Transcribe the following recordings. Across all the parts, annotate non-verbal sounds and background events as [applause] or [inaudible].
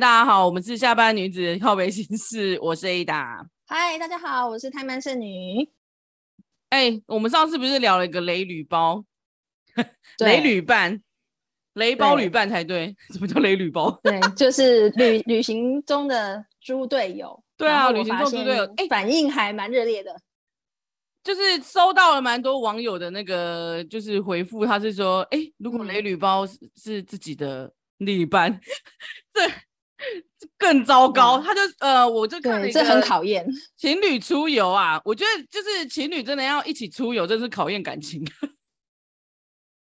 大家好，我們是下班女子靠北心事。我是 Ada。嗨，大家好，我是太慢剩女。哎、欸，我們上次不是聊了一個雷旅包？ [laughs] 對雷旅伴？雷包旅伴才對。對 [laughs] 什麼叫雷旅包？對，就是旅 [laughs] 旅行中的豬隊友。對啊，旅行中豬隊友，哎、欸，反應還蠻熱烈的。就是收到了蠻多網友的那個，就是回復，他是說，哎、欸，如果雷旅包是自己的另一半，嗯、 [laughs] 對。更糟糕，嗯、他就呃，我就看了、啊，這很考驗情侶出遊啊！我覺得就是情侶真的要一起出遊，真是考驗感情。 [laughs]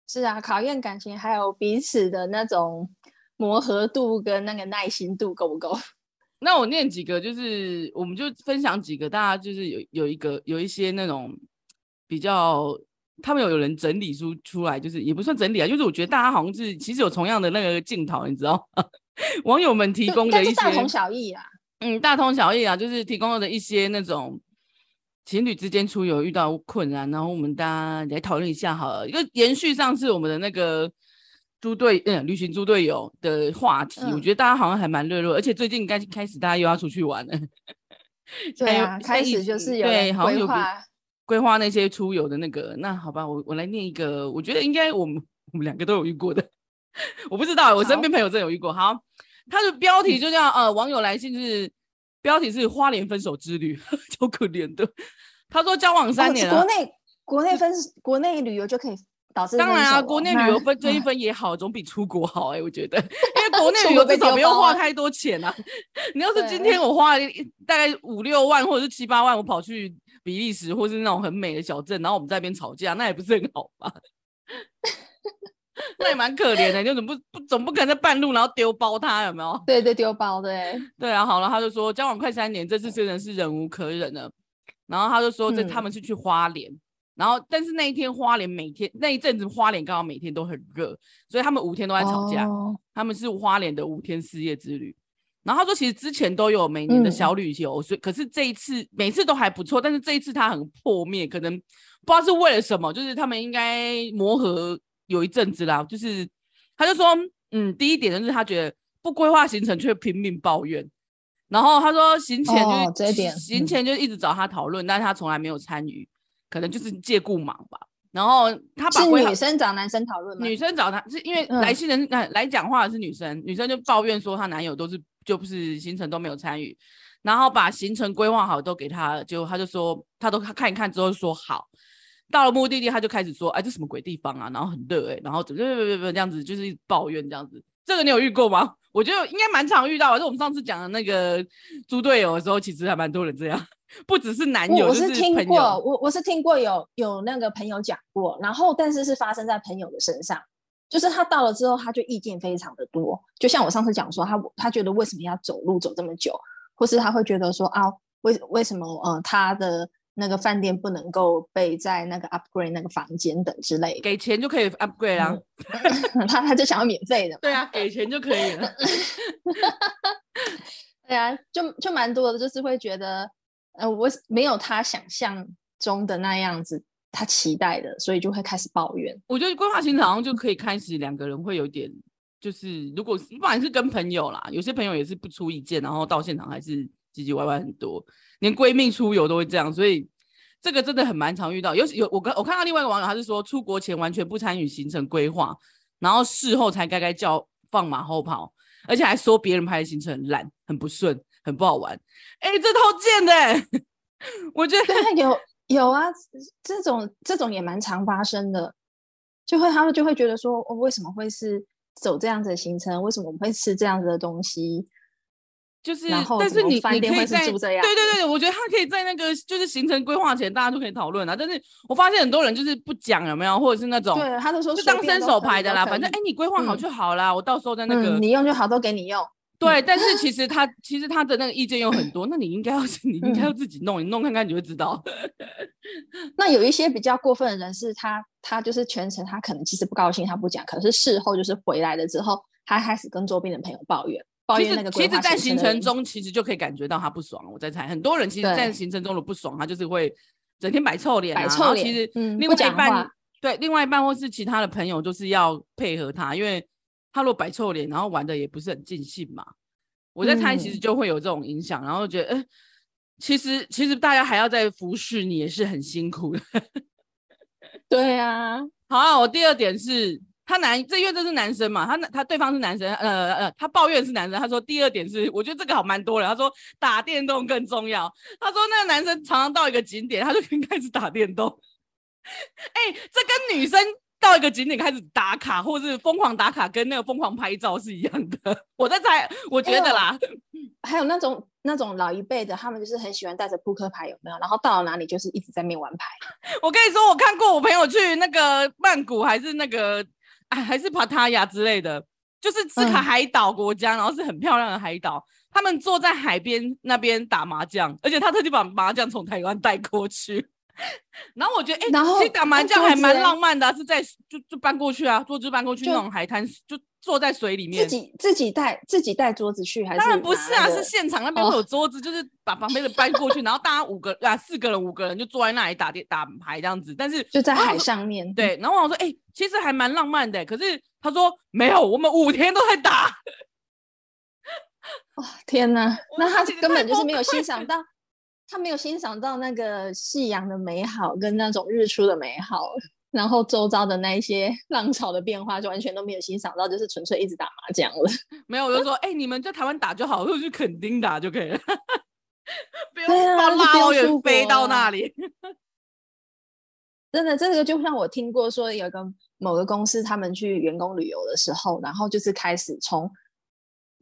是啊，考驗感情，還有彼此的那種磨合度跟那個耐心度夠不夠？那我念幾個，就是我們就分享幾個，大家就是有有一個有一些那種比較，他們有有人整理出出來，就是也不算整理啊，就是我覺得大家好像是其實有同樣的那個鏡頭，你知道嗎？ [laughs] [laughs] 網友們提供的一些大同小異啊，嗯，大同小異啊，就是提供的一些那種情侶之間出遊遇到困難，然後我們大家來討論一下好了，就延續上次我們的那個豬隊，嗯，旅行豬隊友的話題。嗯、我覺得大家好像還蠻熱絡，而且最近剛開始大家又要出去玩了， [laughs] 對啊，哎、開始就是有對，好像有規劃那些出遊的那個。那好吧，我我來念一個，我覺得應該我們我們兩個都有遇過的。我不知道、欸，我身邊朋友真有一個。好，好，他的標題就叫呃，網友來信是標題是“花蓮分手之旅”，超 [laughs] 可憐的。他說交往三年、哦，國內國內分是國內旅遊就可以導致、喔。當然啊，國內旅游分這一分也好，那總比出國好哎、欸，我覺得，因為國內旅遊至少沒有花太多錢啊。 [laughs] [laughs] 你要是今天我花了大概五六萬或者是七八萬，我跑去比利時或是那種很美的小鎮，然後我們在那邊吵架，那也不是很好吧？ [laughs] [laughs] 那也蠻可憐的，你就怎麼不不總不可能在半路然後丟包他有沒有？對對，丟包對對啊，好了，他就說交往快三年，這次真的是忍無可忍了。然後他就說，這他們是去花蓮，嗯、然後但是那一天花蓮每天那一陣子花蓮剛好每天都很熱，所以他們五天都在吵架。哦、他們是花蓮的五天四夜之旅。然後他說，其實之前都有每年的小旅遊，嗯、可是這一次每次都還不錯，但是這一次他很破滅，可能不知道是為了什麼，就是他們應該磨合。有一陣子啦，就是他就說，嗯，第一點就是他覺得不規劃行程卻拼命抱怨。然後他說，行前就是哦嗯、行前就一直找他討論，但是他從來沒有參與，嗯、可能就是借故忙吧。然後他把是女生找男生討論，女生找他是因為來信人、嗯、來講話的是女生，女生就抱怨說她男友都是就不是行程都沒有參與，然後把行程規劃好都給他，就他就說他都看一看之後說好。到了目的地，他就開始說：“哎、欸，這是什麼鬼地方啊？然後很熱，哎，然後不不不這樣子，就是一直抱怨這樣子。這個你有遇過嗎？我覺得應該蠻常遇到而、啊、就我們上次講的那個豬隊友的時候，其實還蠻多人這樣，不只是男友，就是、朋友我是聽過，我我是聽過有有那個朋友講過。然後，但是是發生在朋友的身上，就是他到了之後，他就意見非常的多。就像我上次講說，他他覺得為什麼要走路走這麼久，或是他會覺得說啊，為為什麼呃他的。”那個飯店不能夠被在那個 upgrade 那個房間等之類，給錢就可以 upgrade 啊？嗯嗯嗯、他他就想要免費的，對啊，給錢就可以了。 [laughs] 對啊，就就蠻多的，就是會覺得，呃，我沒有他想象中的那樣子，他期待的，所以就會開始抱怨。我覺得規劃行程好像就可以開始，兩個人會有點，就是如果不管是跟朋友啦，有些朋友也是不出意見，然後到現場還是。唧唧歪歪很多，嗯、連閨蜜出遊都會這樣，所以這個真的很蠻常遇到。尤其有，有我跟我看到另外一個網友，他是說出國前完全不參與行程規劃，然後事後才該該叫放馬後炮，而且還說別人排的行程很爛、很不順、很不好玩。哎、欸，這頭賤的、欸！ [laughs] 我覺得有有啊，這種這種也蠻常發生的，就會他們就會覺得說，我、哦、為什麼會是走這樣子的行程？為什麼我們會吃這樣子的東西？就是，但是你你可以在對對對，我覺得他可以在那個就是行程規劃前，大家都可以討論啊，但是我發現很多人就是不講有沒有，或者是那種，對，他就說當伸手牌的啦，反正哎，你規劃好就好啦，我到時候在那個你用就好，都給你用。對，但是其實他其實他的那個意見有很多，那你應該要你應該要自己弄你弄看看，你會知道。那有一些比較過分的人是他他就是全程他可能其實不高興，他不講，可是事後就是回來了之後，他開始跟周邊的朋友抱怨。其實，其實在行程中，其實就可以感覺到他不爽。我在猜，很多人其實在行程中的不爽，他就是會整天擺臭臉、啊。擺臭臉。然後，其實另外一半、嗯、對另外一半或是其他的朋友，就是要配合他，因為他如果擺臭臉，然後玩的也不是很盡興嘛。我在猜，其實就會有這種影響。嗯、然後覺得，呃、其實其實大家還要在服侍你，也是很辛苦的。 [laughs] 對啊，好啊，我第二點是。他男，這因為這是男生嘛，他那他對方是男生，呃呃，他抱怨是男生。他說第二點是，我覺得這個好蠻多的。他說打電動更重要。他說那個男生常常到一個景點，他就開始打電動。哎、 [laughs] 欸，這跟女生到一個景點開始打卡，或是瘋狂打卡，跟那個瘋狂拍照是一樣的。我在猜，我覺得啦。還有，還有那種那種老一輩的，他們就是很喜歡帶着撲克牌，有沒有？然後到了哪裡就是一直在那邊玩牌。 [laughs] 我跟你說，我看過我朋友去那個曼谷還是那個。哎、還是帕塔亞之類的，就是是卡海島國家，嗯、然後是很漂亮的海島。他們坐在海邊那邊打麻將，而且他特地把麻將從台灣帶過去。 [laughs] 然後我覺得，哎、欸，然後其實打麻將還蠻浪漫的，啊，是在就就搬過、啊、搬過去啊，桌子搬過去那種海灘，就，就坐在水裡面。自己自己帶自己帶桌子去，還是？當然不是啊，個是現場那邊會有桌子，oh. 就是把旁邊的搬過去， [laughs] 然後大家五個啊，四個人五個人就坐在那裡打電打牌這樣子。但是就在海上面，嗯、對。然後我說，哎、欸。其實還蠻浪漫的、欸，可是他說沒有，我們五天都在打。哇 [laughs] 天哪，那他根本就是沒有欣賞到，他沒有欣賞到那個夕陽的美好跟那種日出的美好，然後周遭的那一些浪潮的變化，就完全都沒有欣賞到，就是純粹一直打麻將了。沒有，我就說，哎、嗯欸，你們在台灣打就好，我就去墾丁打就可以了。不要到那麼遠，飛到那裡。 [laughs] 真的，這個就像我聽過說有個。某個公司，他們去員工旅遊的時候，然後就是開始從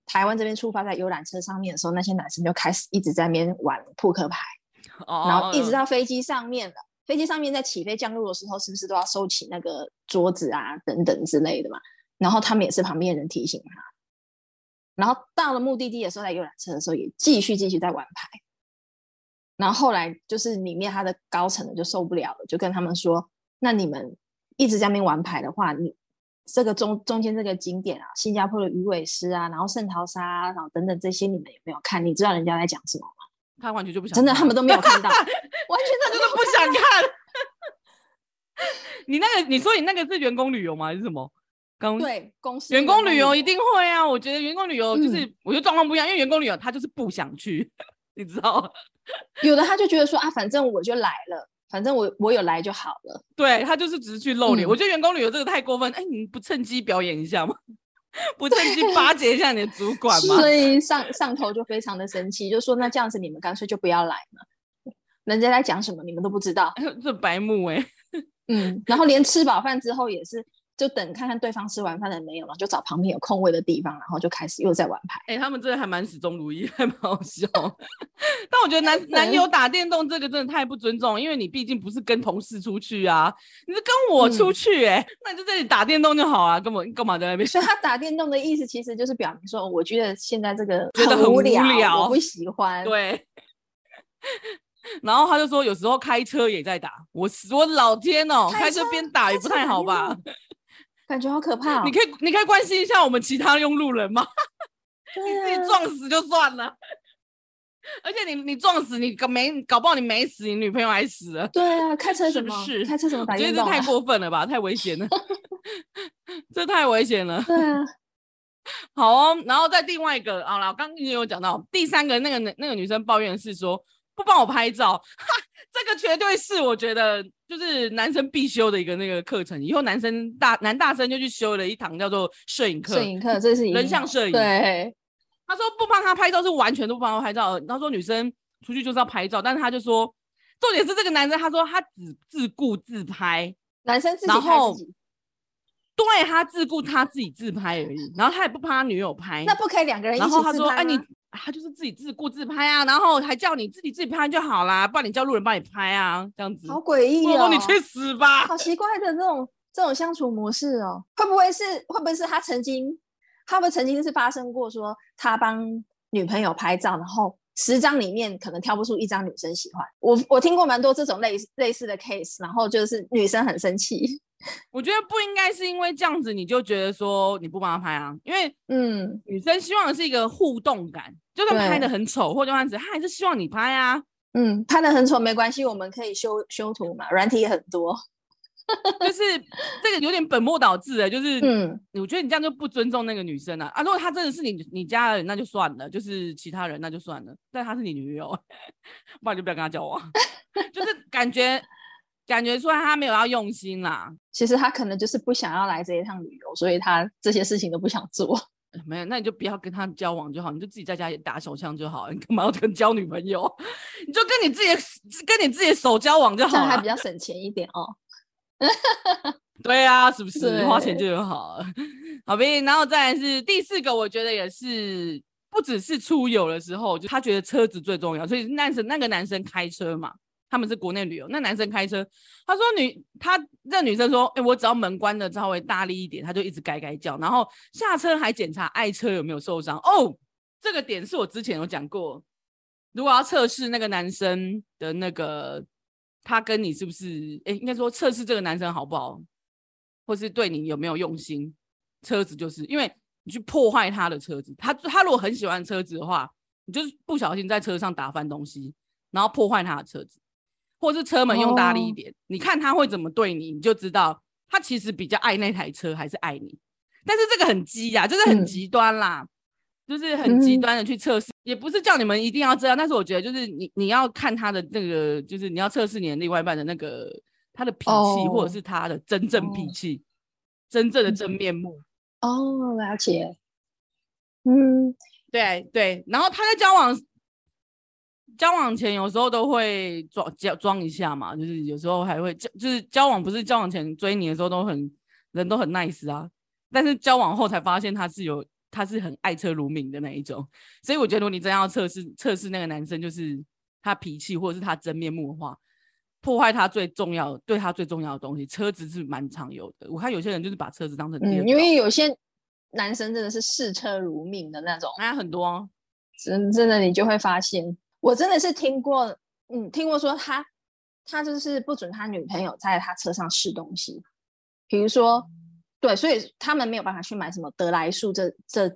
台灣這邊出發，在遊覽車上面的時候，那些男生就開始一直在那邊玩撲克牌，然後一直到飛機上面了。飛機上面在起飛降落的時候，是不是都要收起那個桌子啊等等之類的嘛？然後他們也是旁邊的人提醒他，然後到了目的地的時候，在遊覽車的時候也繼續繼續在玩牌。然後後來就是裡面他的高層的就受不了了，就跟他們說：“那你們。”一直在那邊玩牌的話，你這個中中間這個景點啊，新加坡的魚尾獅啊，然後聖淘沙、啊、然後等等這些，你們有沒有看？你知道人家在講什麼嗎？他完全就不想看。真的，他們都沒有看到， [laughs] 完全他就都不想看。 [laughs] [laughs] 你那個，你說你那個是員工旅遊嗎？是什麼？公對公司有沒有員工旅遊一定會啊，我覺得員工旅遊就是，嗯、我覺得狀況不一樣，因為員工旅遊他就是不想去，你知道？ [laughs] 有的他就覺得說啊，反正我就來了。反正我我有來就好了，對，他就是只是去露臉。嗯、我覺得員工旅遊這個太過分，哎，你不趁機表演一下嗎？ [laughs] 不趁機巴結一下你的主管嗎？所以上上頭就非常的生氣， [laughs] 就說那這樣子你們乾脆就不要來了。人家在講什麼你們都不知道，這白目哎、欸。嗯，然後連吃飽飯之後也是。 [laughs] 就等看看對方吃完飯了沒有嘛，就找旁邊有空位的地方，然後就開始又在玩牌。哎、欸，他們真的還蠻始終如一，還蠻好笑。但我覺得男 [laughs] 男友打電動這個真的太不尊重，因為你畢竟不是跟同事出去啊，你是跟我出去，欸，哎、嗯，那你就在這裡打電動就好啊，根本幹嘛在那邊？所以他打電動的意思其實就是表明說，我覺得現在這個真的很無聊，很無聊我不喜歡。對。 [laughs] 然後他就說，有時候開車也在打。我我老天哦、喔，開車邊打也不太好吧？感覺好可怕！你可以，你可以關心一下我們其他用路人嗎？啊、你自己撞死就算了， [laughs] 而且你，你撞死你，搞沒搞不好你沒死，你女朋友還死了。對啊，開車什麼？什麼事？開車什麼、啊？我覺得這太過分了吧，太危險了， [laughs] [laughs] 這太危險了。對啊。好哦，然後再另外一個啊，我剛已經有講到第三個，那個那個女生抱怨的是說。不幫我拍照哈，這個絕對是我覺得就是男生必修的一個那個課程。以後男生大男大生就去修了一堂叫做攝影課，攝影課這是人像攝影。對，他說不幫他拍照是完全都不幫他拍照。他說女生出去就是要拍照，但是他就說重點是這個男生，他說他只自顧自拍，男生自己拍自己然後對他自顧他自己自拍而已，然後他也不幫他女友拍， [laughs] 那不可以兩個人一起拍。然後他說，欸你他、啊、就是自己自顧自拍啊，然後還叫你自己自己拍就好啦，不然你叫路人幫你拍啊，這樣子。好詭異哦，我說你去死吧！好奇怪的這種這種相處模式哦、喔，會不會是會不會是他曾經，他不曾經是發生過說他幫女朋友拍照，然後十張裡面可能挑不出一張女生喜歡。我我聽過蠻多這種類類似的 case，然後就是女生很生氣。 [laughs] 我覺得不應該是因為這樣子，你就覺得說你不幫他拍啊，因為嗯，女生希望的是一個互動感。就算拍的很醜，對或這樣子，他還是希望你拍啊。嗯，拍的很醜沒關係，我們可以修修圖嘛，軟體也很多。 [laughs] 就是這個有點本末倒置哎，就是嗯，我覺得你這樣就不尊重那個女生了啊，啊。如果她真的是你你家的人，那就算了；就是其他人，那就算了。但她是你女友， [laughs] 不然就不不要跟她交往。 [laughs] 就是感覺感覺出來她沒有要用心啦。其實她可能就是不想要來這一趟旅遊，所以她這些事情都不想做。沒有，那你就不要跟他交往就好，你就自己在家也打手槍就好，你幹嘛要跟交女朋友？ [laughs] 你就跟你自己跟你自己的手交往就好，這樣還比較省錢一點哦。 [laughs] 對啊，是不是對花錢就有好？好唄，然後再來是第四個，我覺得也是，不只是出遊的時候，就他覺得車子最重要，所以那是那個男生開車嘛。他們是國內旅遊，那男生開車，他說女他，那女生說，誒、欸，我只要門關的稍微大力一點，他就一直該該叫，然後下車還檢查愛車有沒有受傷。哦，這個點是我之前有講過，如果要測試那個男生的那個，他跟你是不是，誒、欸，應該說測試這個男生好不好，或是對你有沒有用心，車子就是因為你去破壞他的車子，他他如果很喜歡車子的話，你就是不小心在車上打翻東西，然後破壞他的車子。或是車門用大力一點，oh. 你看他會怎麼對你，你就知道他其實比較愛那台車還是愛你。但是這個很激呀，啊，就是很極端啦，嗯、就是很極端的去測試，嗯、也不是叫你們一定要這樣。但是我覺得，就是你你要看他的那個，就是你要測試你的另外一半的那個他的脾氣，oh. 或者是他的真正脾氣，oh. 真正的真面目。哦，oh, 了解。嗯，對對，然後他在交往。交往前有時候都會裝裝一下嘛，就是有時候還會，就是交往不是交往前追你的時候都很人都很 nice 啊，但是交往後才發現他是有他是很愛車如命的那一種，所以我覺得如果你真要測試測試那個男生，就是他脾氣或者是他真面目的話，破壞他最重要對他最重要的東西，車子是蠻常有的。我看有些人就是把車子當成、嗯，因為有些男生真的是視車如命的那種，那、啊、很多真、啊、真的你就會發現。我真的是聽過，嗯，聽過說他，他就是不准他女朋友在他車上吃東西，比如說，對，所以他們沒有辦法去買什麼得來速這這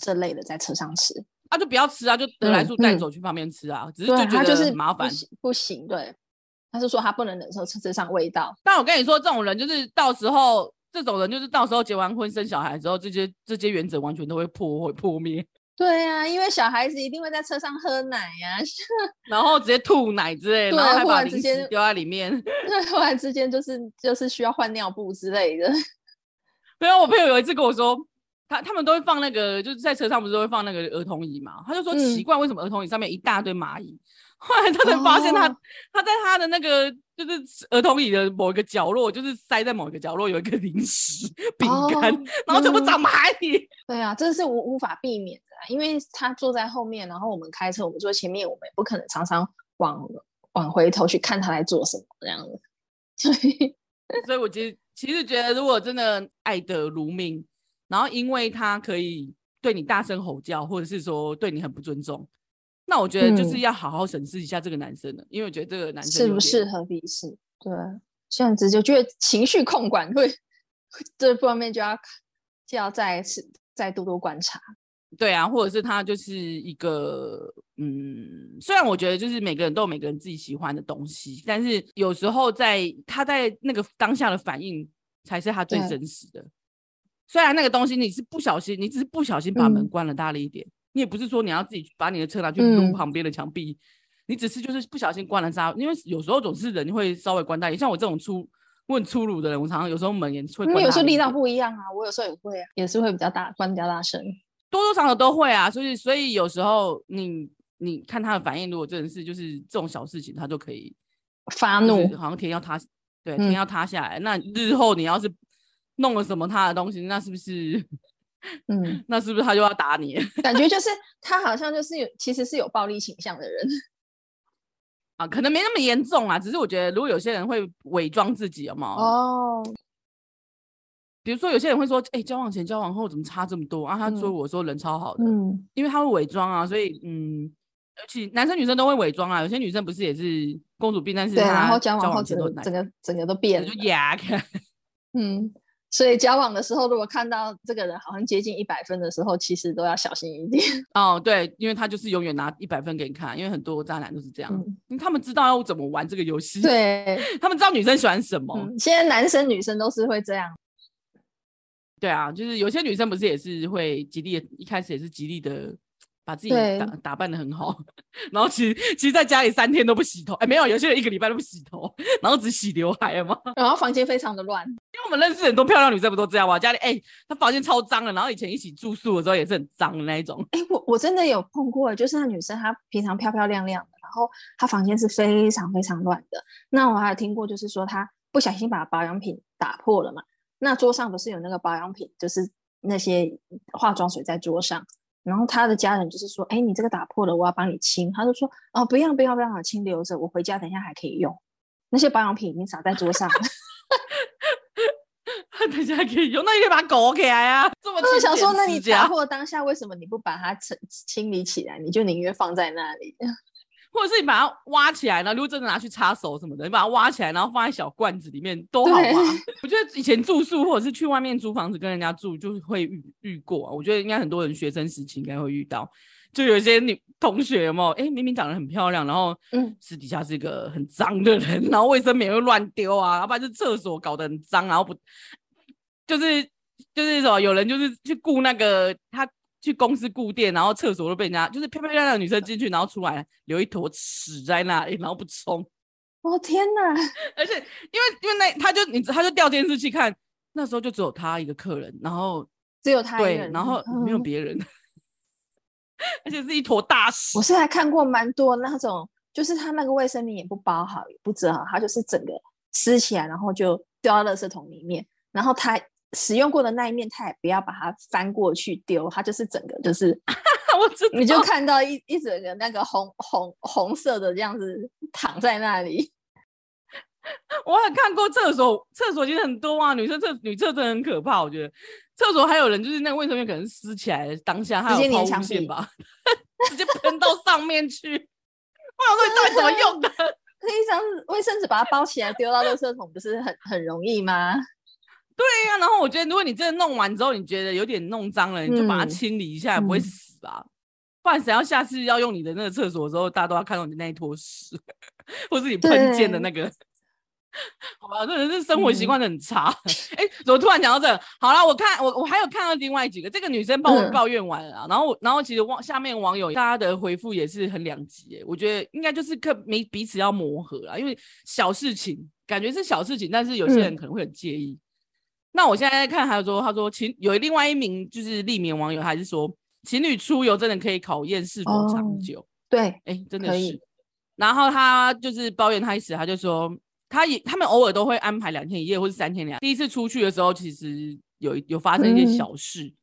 這類的在車上吃，啊，就不要吃啊，就得來速帶走去旁邊吃啊，對只是就覺得很麻煩、嗯嗯，不行，對，他是說他不能忍受車車上味道。但我跟你說，這種人就是到時候，這種人就是到時候結完婚生小孩之後，這些這些原則完全都會破會破滅。對呀、啊，因為小孩子一定會在車上喝奶呀、啊，然後直接吐奶之類， [laughs] 對然後還把零食丟在裡面。突然之間 [laughs] 就是就是需要換尿布之類的。對，我朋友有一次跟我說，他他們都會放那個，就是在車上不是都會放那個兒童椅嘛，他就說奇怪，為什麼兒童椅上面一大堆螞蟻？嗯後來他才發現他，他、oh, 他在他的那個就是兒童椅的某一個角落，就是塞在某一個角落有一個零食餅乾，餅乾 oh, 然後就不找螞蟻、嗯。對啊，這是無無法避免的、啊，因為他坐在後面，然後我們開車，我們坐前面，我們也不可能常常往往回頭去看他來做什麼這樣子。所以，所以我覺得其實覺得，如果真的愛得如命，然後因為他可以對你大聲吼叫，或者是說對你很不尊重。那我覺得就是要好好審視一下這個男生了，嗯、因為我覺得這個男生適不適合彼此。對，這樣子就覺得情緒控管會這方面就要就要再一次再多多觀察。對啊，或者是他就是一個嗯，雖然我覺得就是每個人都有每個人自己喜歡的東西，但是有時候在他在那個當下的反應才是他最真實的。對雖然那個東西你是不小心，你只是不小心把門關了大了一點。嗯你也不是說你要自己把你的車拿去擼旁邊的牆壁，嗯、你只是就是不小心關了閘，因為有時候總是人會稍微關大一點。像我這種粗我很粗魯的人，我常常有時候門也會關。我、嗯、有時候力量不一樣啊，我有時候也會啊，也是會比較大，關比較大聲。多多少少都會啊，所以所以有時候你你看他的反應，如果真的是就是這種小事情，他就可以發怒，好像天，天要塌，對，天，天要塌下來。嗯、那日後你要是弄了什麼他的東西，那是不是？嗯，那是不是他就要打你？感覺就是他好像就是有， [laughs] 其實是有暴力傾向的人啊，可能沒那麼嚴重啊。只是我覺得，如果有些人會偽裝自己有沒有，啊嘛哦，比如說有些人會說，哎、欸，交往前交往後怎麼差這麼多啊？他說：‘我說人超好的，嗯，嗯因為他會偽裝啊，所以嗯，尤其男生女生都會偽裝啊。有些女生不是也是公主病，但是交往前整個整個都變了，就壓開，嗯。所以交往的時候，如果看到這個人好像接近一百分的時候，其實都要小心一點。哦，對，因為他就是永遠拿一百分給你看，因為很多渣男都是這樣，嗯、因為他們知道要怎麼玩這個遊戲，對他們知道女生喜歡什麼、嗯。現在男生女生都是會這樣。對啊，就是有些女生不是也是會極力，一開始也是極力的。把自己打對打扮得很好，然後其實其實在家裡三天都不洗頭，哎，沒有，有些人一個禮拜都不洗頭，然後只洗劉海嘛，然後房間非常的亂，因為我們認識很多漂亮女生，不都這樣嗎？家裡，誒，她房間超髒的，然後以前一起住宿的時候也是很髒的那一種。誒，我，我真的有碰過，就是那女生她平常漂漂亮亮的，然後她房間是非常非常亂的。那我還有聽過，就是說她不小心把保養品打破了嘛，那桌上不是有那個保養品，就是那些化妝水在桌上。然後他的家人就是說，哎、欸，你這個打破了，我要幫你清。他就說，哦，不要不要不要清，留着，我回家等一下還可以用。那些保養品已經撒在桌上了，哈哈，等一下可以用。那你可以把狗給它呀。我就想說，那你打破當下，為什麼你不把它清清理起來？你就寧願放在那裡。 [laughs] 或者是你把它挖起來，然後如果真的拿去插手什麼的，你把它挖起來，然後放在小罐子裡面都好啊。對我覺得以前住宿或者是去外面租房子跟人家住，就會遇遇過、啊。我覺得應該很多人學生時期應該會遇到，就有一些女同學嘛有沒有，誒、欸、明明長得很漂亮，然後嗯，私底下是一個很髒的人，嗯、然後衛生棉又亂丟啊，然後不把就廁所搞得很髒，然後不就是就是說有人就是去雇那個他。去公司顧店，然後廁所都被人家就是漂漂亮亮的女生進去，然後出來留一坨屎在那裡，然後不沖。我、哦、天哪！而且因為因為那他就你他就調監視器，去看，那時候就只有他一個客人，然後只有他一人對，然後、嗯、沒有別人， [laughs] 而且是一坨大屎。我是還看過蠻多那種，就是他那個衛生棉也不包好，也不折好，他就是整個撕起來，然後就掉到垃圾桶裡面，然後他。使用過的那一面，它也不要把它翻過去丟，它就是整個就是， [laughs] 我知道，你就看到一一整個那個紅紅紅色的這樣子躺在那裡。我有看過廁所，廁所其實很多啊。女生廁女廁真的很可怕，我覺得廁所還有人就是那個衛生棉可能撕起來當下還有拋物線吧，直接黏牆壁，直接噴 [laughs] 到上面去。哇， [laughs] 我想問你到底怎麼用的？這 [laughs] 一張衛生紙把它包起來丟到垃圾桶不是很很容易嗎？對呀、啊，然後我覺得，如果你真的弄完之後，你覺得有點弄髒了，你就把它清理一下，嗯、也不會死啊。嗯、不然只要下次要用你的那個廁所的時候，大家都要看到你那一坨屎，對或是你噴濺的那個，好 [laughs] 吧？真的是生活習慣很差。哎、嗯，欸、怎麼突然講到這個，好了，我看我我還有看到另外幾個，這個女生幫我抱怨完了啦，嗯、然後然後其實網下面網友大家的回復也是很兩極、欸，我覺得應該就是可沒彼此要磨合啊，因為小事情感覺是小事情，但是有些人可能會很介意。嗯那我現在看，還有說，他說情有另外一名就是匿名網友，還是說情侶出遊真的可以考驗是否長久？哦、對，哎、欸，真的是。以然後他就是抱怨他一時，他就說他也他們偶爾都會安排兩天一夜，或是三天兩夜。嗯、第一次出去的時候，其實有有發生一件小事，嗯、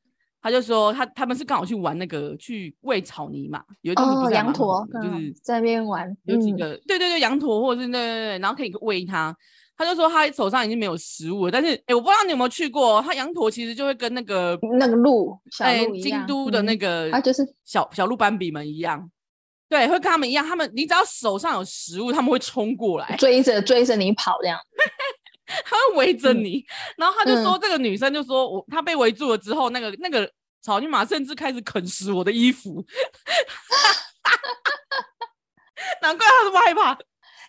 他就說他他們是剛好去玩那個去餵草泥馬，有一種、哦、羊駝，就是在那邊玩有幾個、嗯、對對對羊駝或者是對對對，然後可以餵它。他就說他手上已經沒有食物了，但是哎、欸，我不知道你有沒有去過，他羊駝其實就會跟那個那個鹿，小鹿、欸，京都的那個，嗯、就是小小鹿斑比們一樣，對，會跟他們一樣。他們你只要手上有食物，他們會衝過來追着追着你跑，這樣， [laughs] 他會圍着你。嗯、然後他就說，嗯、這個女生就說，我他被圍住了之後，那個那個草泥馬甚至開始啃食我的衣服， [laughs] [laughs] [laughs] 難怪他這麼害怕，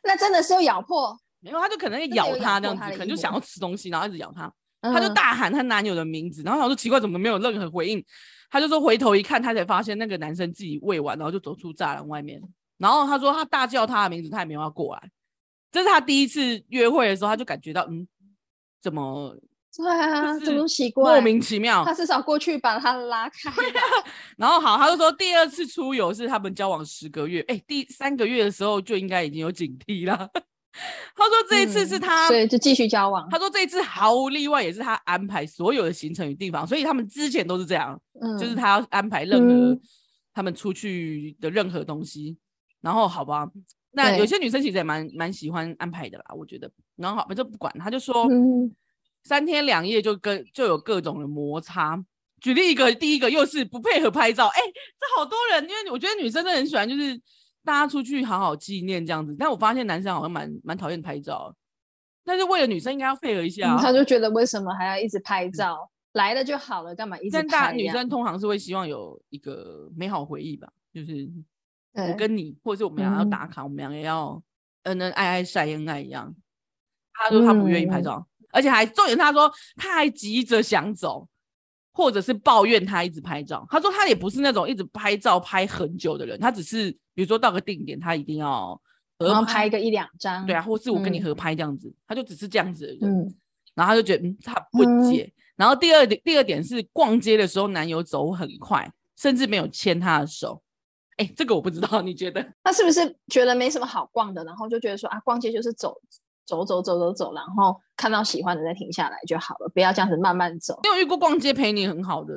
那真的是要咬破。沒有，他就可能咬他這樣子，可能就想要吃東西，然後一直咬他。嗯、他就大喊他男友的名字，然後他就說奇怪，怎麼沒有任何回應？他就說回頭一看，他才發現那個男生自己餵完，然後就走出柵欄外面。然後他說他大叫他的名字，他也沒有要過來。這是他第一次約會的時候，他就感覺到嗯，怎麼對啊，怎麼奇怪，莫名其妙。他至少過去把他拉開。 [laughs] [laughs] 然後好，他就說第二次出遊是他們交往十個月，哎、欸，第三個月的時候就應該已經有警惕了。他說這一次是他，所以、嗯、就繼續交往。他說這一次毫無例外，也是他安排所有的行程與地方。所以他們之前都是這樣，嗯，就是他要安排任何他們出去的任何東西。嗯、然後好吧，那有些女生其實也蠻蠻對喜歡安排的啦，我覺得。然後好，反正不管，他就說、嗯、三天兩夜就跟就有各種的摩擦。舉例一個，第一個又是不配合拍照，哎、欸，這好多人，因為我覺得女生真的很喜歡就是。大家出去好好紀念這樣子，但我發現男生好像蠻蠻討厭拍照，但是為了女生應該要配合一下。他就覺得為什麼還要一直拍照，來了就好了，幹嘛一直拍？但大女生通常是會希望有一個美好回憶吧，就是我跟你，或者我們倆要打卡，我們倆也要，恩恩愛愛曬恩愛一樣。他說他不願意拍照，而且還重點他說他還急着想走。或者是抱怨他一直拍照，他說他也不是那種一直拍照拍很久的人，他只是比如說到個定點，他一定要合拍個一兩張，對啊，或是我跟你合拍這樣子，嗯、他就只是這樣子的人。嗯，然後他就覺得嗯他不解，嗯、然後第二點第二點是逛街的時候男友走很快，甚至沒有牽她的手，哎、欸，這個我不知道，你覺得他是不是覺得沒什麼好逛的，然後就覺得說啊逛街就是走。走走走走走，然後看到喜歡的再停下來就好了，不要這樣子慢慢走。你有遇過逛街，陪你很好的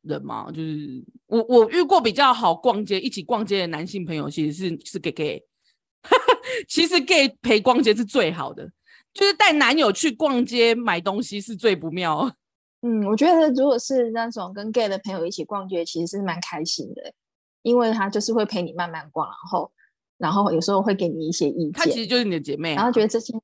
人嗎？就是我我遇過比較好逛街，一起逛街的男性朋友，其實是是 gay gay。 [laughs] 其實 gay 陪逛街是最好的，就是帶男友去逛街買東西是最不妙。嗯，我覺得如果是那種跟 gay 的朋友一起逛街，其實是蠻開心的，因為他就是會陪你慢慢逛，然後。然後有時候會給你一些意見，她其實就是你的姐妹，啊，然後覺得這件，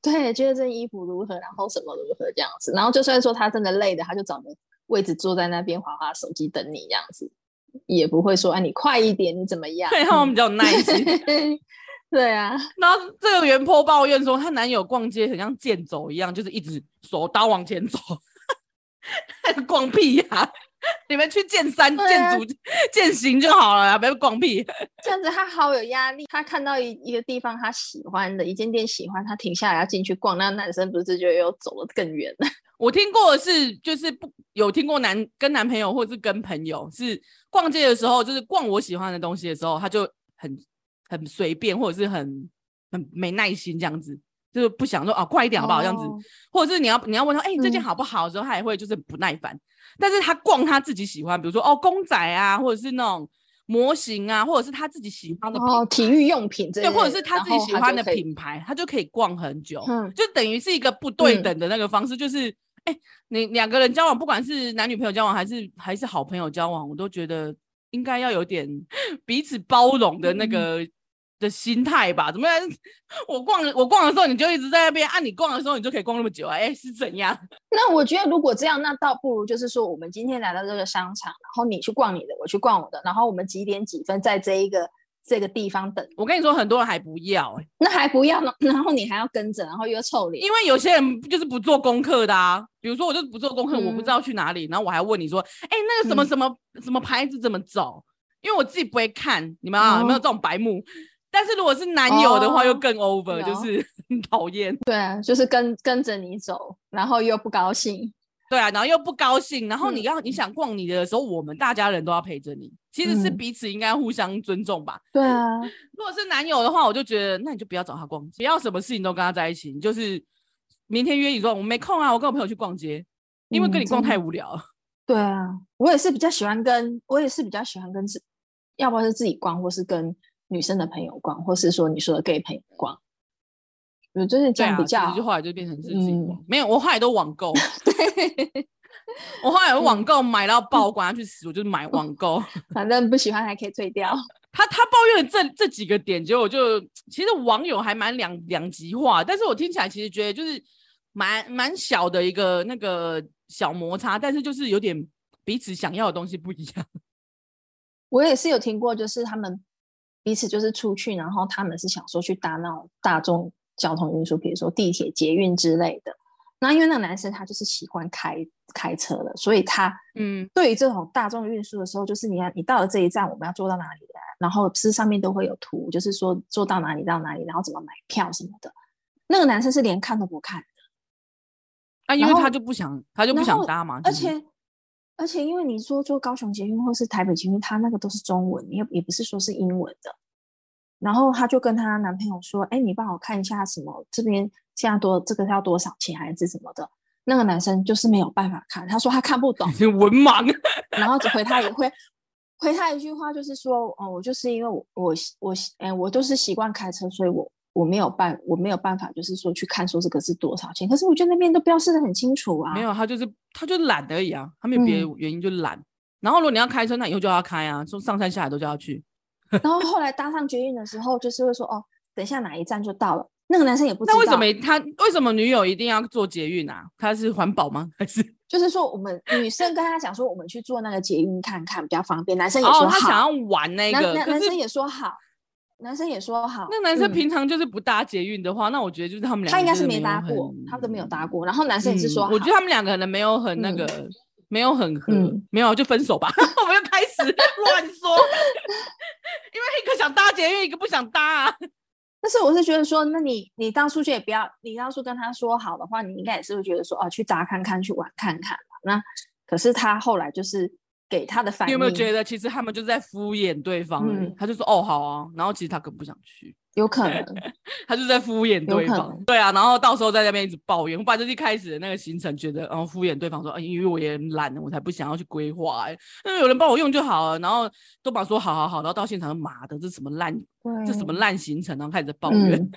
對，覺得這衣服如何，然後什麼如何這樣子。然後就算說她真的累的，她就找個位置坐在那邊滑滑手機等你，這樣子也不會說哎，啊、你快一點，你怎麼樣？對，嗯、他們比較有耐心對啊，然後這個原坡抱怨說她男友逛街很像健走一樣，就是一直手刀往前走， [laughs] 逛屁呀，啊！你們去見山、見組、啊、見行就好了啦，不要逛屁，這樣子他好有壓力。他看到一一個地方他喜歡的，一間店喜歡，他停下來要進去逛，那男生不是就又走得更遠了？我聽過的是，就是不有聽過男跟男朋友或是跟朋友是逛街的時候，就是逛我喜歡的東西的時候，他就很很隨便，或者是很很沒耐心這樣子。就是不想說啊、哦，快一點好不好？哦、這樣子，或者是你要你要問他，哎、欸，這件好不好的時候、嗯、他也會就是不耐煩。但是他逛他自己喜歡，比如說哦，公仔啊，或者是那種模型啊，或者是他自己喜歡的品、哦、體育用品，這些、對，或者是他自己喜歡的品牌，他就，他就可以逛很久。嗯，就等於是一個不對等的那個方式。嗯、就是哎、欸，你兩個人交往，不管是男女朋友交往，還是還是好朋友交往，我都覺得應該要有點 [laughs] 彼此包容的那個、嗯。的心態吧，怎麼樣？我逛我逛的時候，你就一直在那邊啊？你逛的時候，你就可以逛那麼久哎、啊欸，是怎樣？那我覺得如果這樣，那倒不如就是說，我們今天來到這個商場，然後你去逛你的，我去逛我的，然後我們幾點幾分在這一個這個地方等。我跟你說，很多人還不要、欸、那還不要呢？然後你還要跟着，然後又要臭臉，因為有些人就是不做功課的啊。比如說我就是不做功課，嗯、我不知道去哪裡，然後我還問你說，哎、欸，那個什麼什麼、嗯、什麼牌子怎麼走？因為我自己不會看，你們啊、嗯、有沒有這種白目？但是如果是男友的話，又更 over，、oh, 就是很有 [laughs] 討厭。對啊，就是跟跟着你走，然後又不高興。對啊，然後又不高興，然後你要、嗯、你想逛你的時候，我們大家人都要陪着你。其實是彼此應該互相尊重吧。對啊、嗯，嗯、如果是男友的話，我就覺得那你就不要找他逛街，不要什麼事情都跟他在一起。你就是明天約你說，我沒空啊，我跟我朋友去逛街，嗯、因為跟你逛太無聊了。對啊，我也是比較喜歡跟我也是比較喜歡跟自，要不然是自己逛，或是跟。女生的朋友逛，或是說你說的 gay 朋友逛，我就是這樣比較一句話，就變成自己。嗯、沒有，我後來都網購， [laughs] 對 我後來有網購買到爆，關他 [laughs] 去死，我就是買網購，反正不喜歡還可以退掉。 [laughs] 他他抱怨了這這幾個點，結果我就其實網友還蠻兩兩極化，但是我聽起來其實覺得就是蠻蠻小的一個那個小摩擦，但是就是有點彼此想要的東西不一樣。我也是有聽過，就是他們。彼此就是出去，然後他們是想說去搭那種大眾交通運輸，比如說地鐵、捷運之類的。那因為那個男生他就是喜歡開開車的，所以他嗯，對於這種大眾運輸的時候，嗯、就是你要你到了這一站，我們要坐到哪裡來，然後是上面都會有圖，就是說坐到哪裡到哪裡，然後怎麼買票什麼的。那個男生是連看都不看的，那、啊、然後因為他就不想他就不想搭嘛，然後就是、而且。而且因為你說做高雄捷運或是台北捷運，他那個都是中文，也也不是說是英文的。然後他就跟他男朋友說：“哎、欸，你幫我看一下，什麼這邊現在多這個要多少錢還是什麼的。”那個男生就是沒有辦法看，他說他看不懂，你文盲。嗯、然後只回他一會回, [laughs] 回他一句話就是說：“哦，我就是因為我我我哎、欸，我都是習慣開車，所以我。”我沒有辦，我沒有辦法，就是說去看說這個是多少錢。可是我覺得那邊都標示得很清楚啊。沒有，他就是他就懶而已啊，他沒有別的原因就懶。嗯、然後如果你要開車，那以後就要開啊，從上山下海都就要去。然後後來搭上捷運的時候，就是會說 [laughs] 哦，等一下哪一站就到了。那個男生也不知道為什麼他為什麼女友一定要坐捷運啊？他是環保嗎？還是就是說我們女生跟他講說我們去坐那個捷運看看比較方便， [laughs] 男生也說好、哦、他想要玩那個，男，男，是男生也說好。男生也說好。那男生平常就是不搭捷運的話，嗯、那我覺得就是他們兩。他應該是沒搭過，他都沒有搭過。然後男生也是說好、嗯，我覺得他們兩個能沒有很那個，嗯、沒有很合，嗯、沒有就分手吧。 [laughs] 我們就開始亂說， [laughs] [laughs] 因為一個想搭捷運，一個不想搭、啊。但是我是覺得說，那你你當初就也不要，你當初跟他說好的話，你應該也是會覺得說，啊去扎看看，去玩看看那可是他後來就是。給他的反應，你有沒有覺得其實他們就是在敷衍對方？嗯、他就說哦好啊，然後其實他根本不想去，有可能 [laughs] 他就在敷衍對方。對啊，然後到時候在那邊一直抱怨，我本來就一開始的那個行程，覺得然後敷衍對方說啊、欸，因為我也懶，我才不想要去規劃、欸，那有人幫我用就好了。然後都把說好好好，然後到現場媽的，這是什麼爛，對這什麼爛行程，然後開始在抱怨。嗯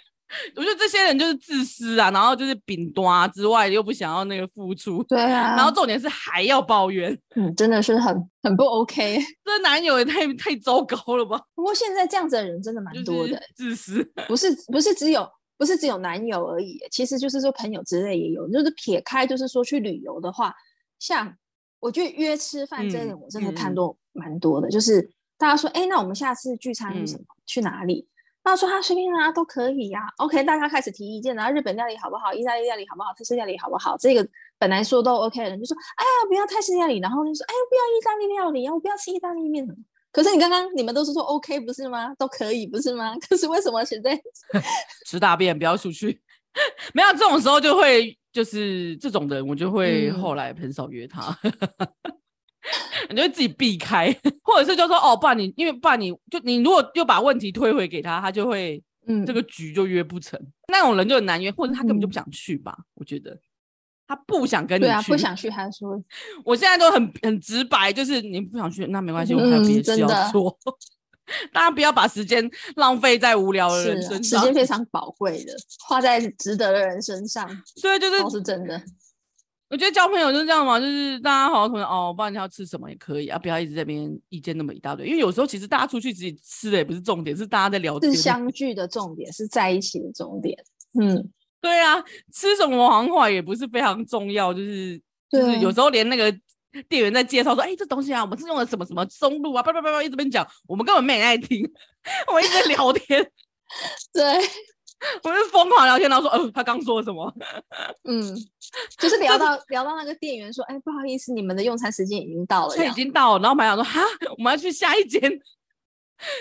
我覺得這些人就是自私啊，然後就是餅端之外又不想要那個付出，對啊，然後重點是還要抱怨，嗯，真的是很很不 OK。這男友也太太糟糕了吧？不過現在這樣子的人真的蠻多的，自私，不是不是只有不是只有男友而已，其實就是說朋友之類也有，就是撇開就是說去旅遊的話，像我覺得約吃飯這種我真的看多蠻多的，嗯嗯、就是大家說哎、欸，那我們下次聚餐是什麼、嗯、去哪裡？他說他隨便啦，都可以呀、啊、OK，大家開始提意見，然後日本料理好不好？意大利料理好不好？泰式料理好不好？這個本來說都 OK 的人就說，哎呀，不要泰式料理，然後就說，哎呀，不要意大利料理啊，我不要吃意大利麵。可是你剛剛你們都是說 OK 不是嗎？都可以不是嗎？可是為什麼現在 [laughs] [laughs] 吃大便不要出去？ [laughs] 沒有，這種時候就會就是這種人，我就會後來很少約他。嗯 [laughs] [laughs] 你就會自己避開，或者是就說哦，不然你，因為不然你就你如果又把問題推回給他，他就會，嗯，這個局就約不成。那種人就很難約，或者他根本就不想去吧？嗯、我覺得他不想跟你去，對啊、不想去還。他說，我現在都很很直白，就是你不想去，那沒關係，嗯、我們還有別的事要做。大家的 [laughs] 不要把時間浪費在無聊的人身上，啊、時間非常寶貴的，花在值得的人身上。所以就是，是真的。我覺得交朋友就是這樣嘛，就是大家好，好同，朋友哦，不然你要吃什麼也可以啊，不要一直在這邊意見那麼一大堆。因為有時候其實大家出去自己吃的也不是重點，是大家在聊天，是相聚的重點，是在一起的重點。嗯，嗯對啊，吃什麼黃花也不是非常重要，就是對就是有時候連那個店員在介紹說：“哎、欸，這東西啊，我們是用的什麼什麼松露啊，叭叭叭叭一直跟你講，我們根本沒愛聽， [laughs] 我們一直在聊天。”對。我就瘋狂聊天，然後說，嗯、呃，他剛說了什麼？嗯，就是聊到、就是、聊到那個店員說，哎、欸，不好意思，你們的用餐時間已經到了，已經到了。然後我還想說，哈，我們要去下一間。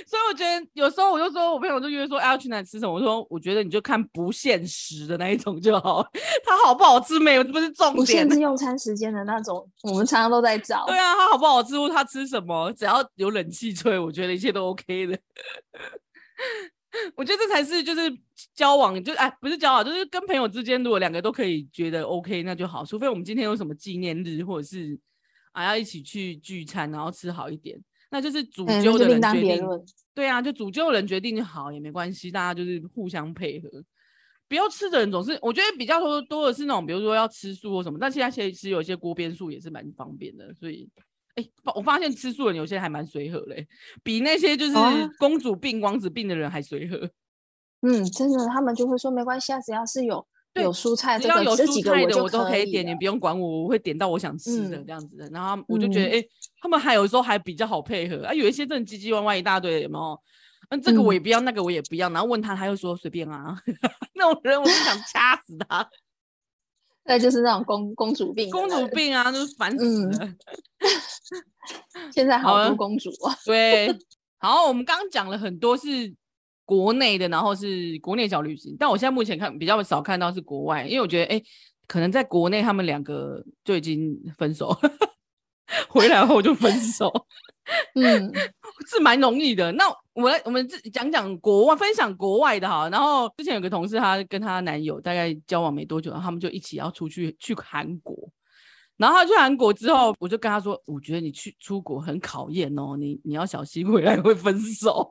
所以我覺得有時候我就說我朋友就約說要、啊、去哪裡吃什麼，我說我覺得你就看不限時的那一種就好，它好不好吃沒有這不是重點，不限時用餐時間的那種，我們常常都在找。對啊，它好不好吃？他吃什麼？只要有冷氣吹，我覺得一切都 OK 的。我覺得這才是就是交往，就哎，不是交往，就是跟朋友之間，如果兩個都可以覺得 OK，那就好。除非我們今天有什麼紀念日，或者是啊要一起去聚餐，然後吃好一點，那就是主揪的人決定。哎、對啊，就主揪的人決定好，也沒關係，大家就是互相配合。不要吃的人總是，我覺得比較多多的是那種，比如說要吃素或什麼，但現在其實有一些鍋邊素也是蠻方便的，所以。哎、欸，我發現吃素人有些人還蠻隨和嘞，欸，比那些就是公主病，啊，王子病的人還隨和。嗯，真的，他們就會說沒關係啊，只要是有有蔬菜，對這個，只要有蔬菜的我，我都可以點，你不用管我，我會點到我想吃的這樣子的。嗯，然後我就覺得，哎、嗯欸，他們還有時候還比較好配合啊。有一些真的唧唧歪歪一大堆的，有沒有？嗯，這個我也不要，那個我也不要。然後問他，他又說隨便啊。 [laughs] 那種人，我就想掐死他。 [laughs] 那就是那種公公主病，公主病啊，就是煩死了。嗯、 [laughs] 現在好多公主啊。對。 [laughs] 好，我們剛剛講了很多是國內的，然後是國內小旅行。但我現在目前看比較少看到是國外，因為我覺得，哎、欸，可能在國內他們兩個就已經分手了， [laughs] 回來後就分手。 [laughs] 嗯， [laughs] 是蠻容易的。那我。我來，我們自己講講國外，分享國外的哈。然後之前有個同事，她跟她男友大概交往沒多久，然後他們就一起要出去去韓國。然後他去韓國之後，我就跟他說，我覺得你去出國很考驗哦，你你要小心回來會分手。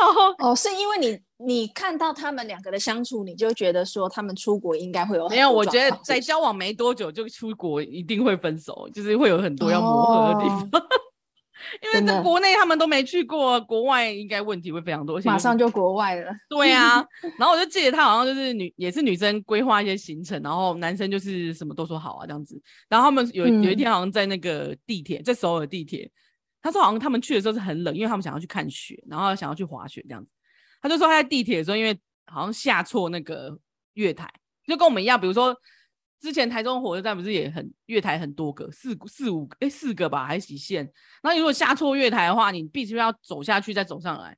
然後哦，是因為你你看到他們兩個的相處，你就覺得說他們出國應該會有沒有？我覺得在交往沒多久就出國一定會分手，就是會有很多要磨合的地方，哦。因為在國內他們都沒去過，真的。國外應該問題會非常多。現在馬上就國外了，對啊。 [laughs] 然後我就記得他好像就是女，也是女生規劃一些行程，然後男生就是什麼都說好啊這樣子。然後他們有一、嗯、有一天好像在那個地鐵，在首爾地鐵，他說好像他們去的時候是很冷，因為他們想要去看雪，然後想要去滑雪這樣子。他就說他在地鐵的時候，因為好像下錯那個月台，就跟我們一樣，比如說。之前台中火車站不是也很月台很多個，四四五哎、欸、四個吧還是幾線？那如果下錯月台的話，你必須要走下去再走上來，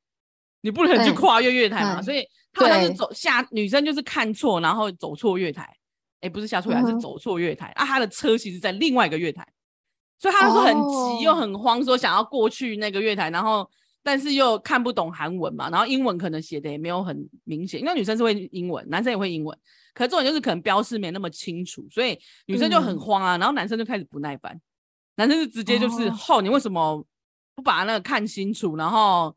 你不能去跨越月台嘛。嗯嗯、所以他就是走對下女生就是看錯，然後走錯月台。哎、欸，不是下錯月台，嗯、哼是走錯月台。啊，他的車其實在另外一個月台，所以他是很急又很慌，說想要過去那個月台，然後。但是又看不懂韓文嘛，然後英文可能寫的也沒有很明顯。因為女生是會英文，男生也會英文，可是這種就是可能標識沒那麼清楚，所以女生就很慌啊，嗯、然後男生就開始不耐煩，男生就直接就是，吼、哦，你為什麼不把那個看清楚？然後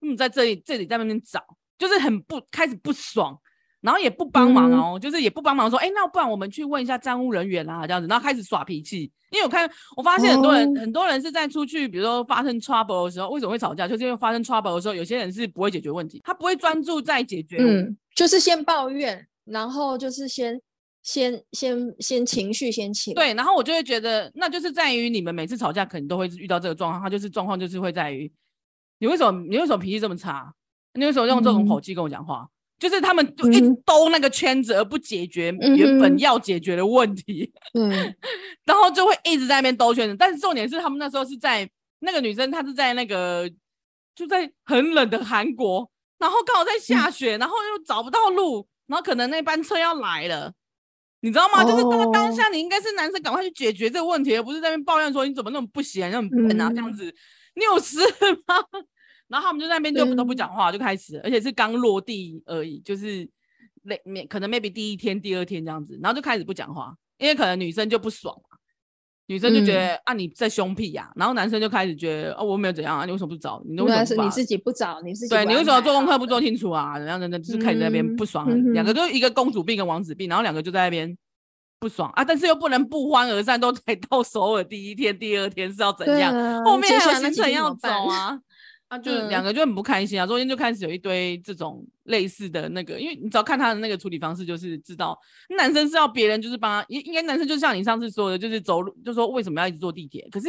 嗯，在這裡這裡在那邊找，就是很不開始不爽。然後也不幫忙哦，嗯、就是也不幫忙說，說、欸、哎，那不然我們去問一下站務人員啦、啊，這樣子。然後開始耍脾氣，因為我看我發現很多人、哦、很多人是在出去，比如說發生 trouble 的時候，為什麼會吵架？就是因為發生 trouble 的時候，有些人是不會解決問題，他不會專注在解決，嗯，就是先抱怨，然後就是先先先先，先情緒先起，對。然後我就會覺得，那就是在於你們每次吵架，可能都會遇到這個狀況，他就是狀況就是會在於你為什麼你為什麼脾氣這麼差？你為什麼用這這種口氣跟我講話？嗯就是他們就一直兜那個圈子，而不解決原本要解決的問題、嗯，嗯嗯、 [laughs] 然後就會一直在那邊兜圈子。但是重點是，他們那時候是在那個女生，她是在那個就在很冷的韓國，然後剛好在下雪，嗯、然後又找不到路，然後可能那班車要來了，你知道嗎？哦、就是那當下，你應該是男生，趕快去解決這個問題，而不是在那邊抱怨說你怎麼那麼不行，那麼笨啊、嗯、這樣子，你有事嗎？然後他們就在那邊就都不講話，就開始了，嗯、而且是剛落地而已，就是可能 maybe 第一天、第二天這樣子，然後就開始不講話，因為可能女生就不爽女生就覺得、嗯、啊你在凶屁呀，然後男生就開始覺得哦我沒有怎樣啊，你為什麼不找你為什麼不？啊、是你自己不找你自己？對，你為什麼做功課不做清楚啊？嗯、然後那那是看你在那邊不爽，嗯、哼兩個都一個公主病跟王子病，然後兩個就在那邊不爽、嗯、哼啊，但是又不能不歡而散，都得到首爾第一天、第二天是要怎樣？啊、後面還有行程要走啊。嗯嗯啊，就兩個就很不開心啊！中間、嗯、就開始有一堆這種類似的那個，因為你只要看他的那個處理方式，就是知道男生是要別人就是幫他，應應該男生就像你上次說的，就是走路，就說為什麼要一直坐地鐵？可是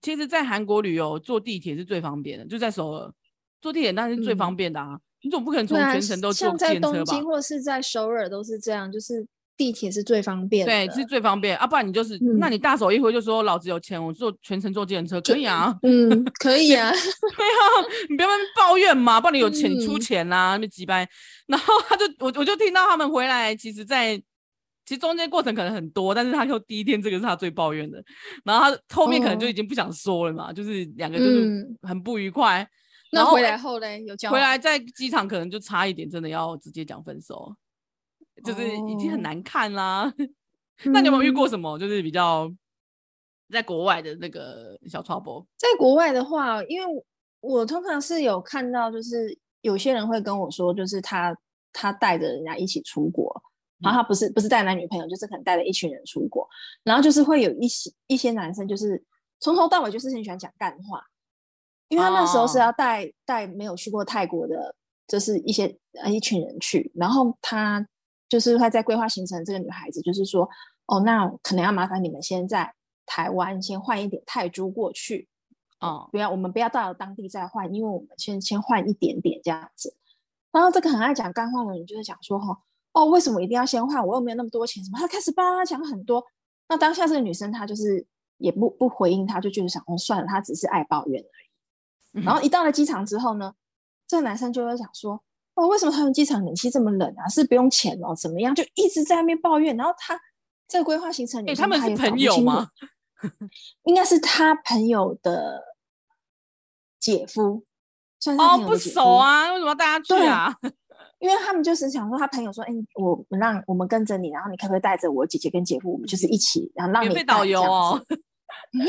其實，在韓國旅遊坐地鐵是最方便的，就在首爾坐地鐵那是最方便的啊！嗯、你總不可能從全程都坐電車吧？嗯啊、像在東京或是在首爾都是這樣，就是。地鐵是最方便的，對，是最方便。啊，不然你就是，嗯、那你大手一揮就說老子有錢，我坐全程坐計程車可以啊，嗯，可以啊，你不要抱怨嘛，不然你有錢、嗯、出錢吶、啊，那幾班，然後他就，我我就聽到他們回來其在，其實，在其實中間過程可能很多，但是他就第一天這個是他最抱怨的，然後他後面可能就已經不想說了嘛，哦、就是兩個就是很不愉快。嗯、然後那回來後呢，有講回來在機場可能就差一點，真的要直接講分手。就是已經很難看啦、啊。Oh. [laughs] 那你有沒有遇過什麼？嗯、就是比較在國外的那個小 trouble 在國外的話，因為我通常是有看到，就是有些人會跟我說，就是他他帶着人家一起出國，嗯、然後他不是不是帶男女朋友，就是可能帶了一群人出國，然後就是會有一些一些男生，就是從頭到尾就是很喜歡講幹話，因為他那時候是要帶帶、oh. 沒有去過泰國的，就是一些呃一群人去，然後他。就是他在規劃行程，這個女孩子就是說，哦，那可能要麻煩你們先在台灣先換一點泰銖過去，哦，不要，我們不要到了當地再換，因為我們先先換一點點這樣子。然後這個很愛講幹話的人就是講說，哦，為什麼一定要先換？我又沒有那麼多錢，什麼？他開始叭叭講很多。那當下這個女生她就是也不不回應他，她就就是想，哦，算了，她只是愛抱怨而已。然後一到了機場之後呢，嗯哼。這個男生就會想說。哦，為什麼他們機場冷氣這麼冷啊？是不用錢哦、喔？怎麼樣？就一直在那邊抱怨。然後他這個規劃行程，哎、欸，他們是朋友，朋友嗎？應該是他朋友的姐夫，姐夫哦，不熟啊？對為什麼帶他去啊？因為他們就是想說，他朋友說：“哎、欸，我讓我們跟着你，然後你可不可以帶着我姐姐跟姐夫？我們就是一起，然後讓你導遊哦。” [laughs]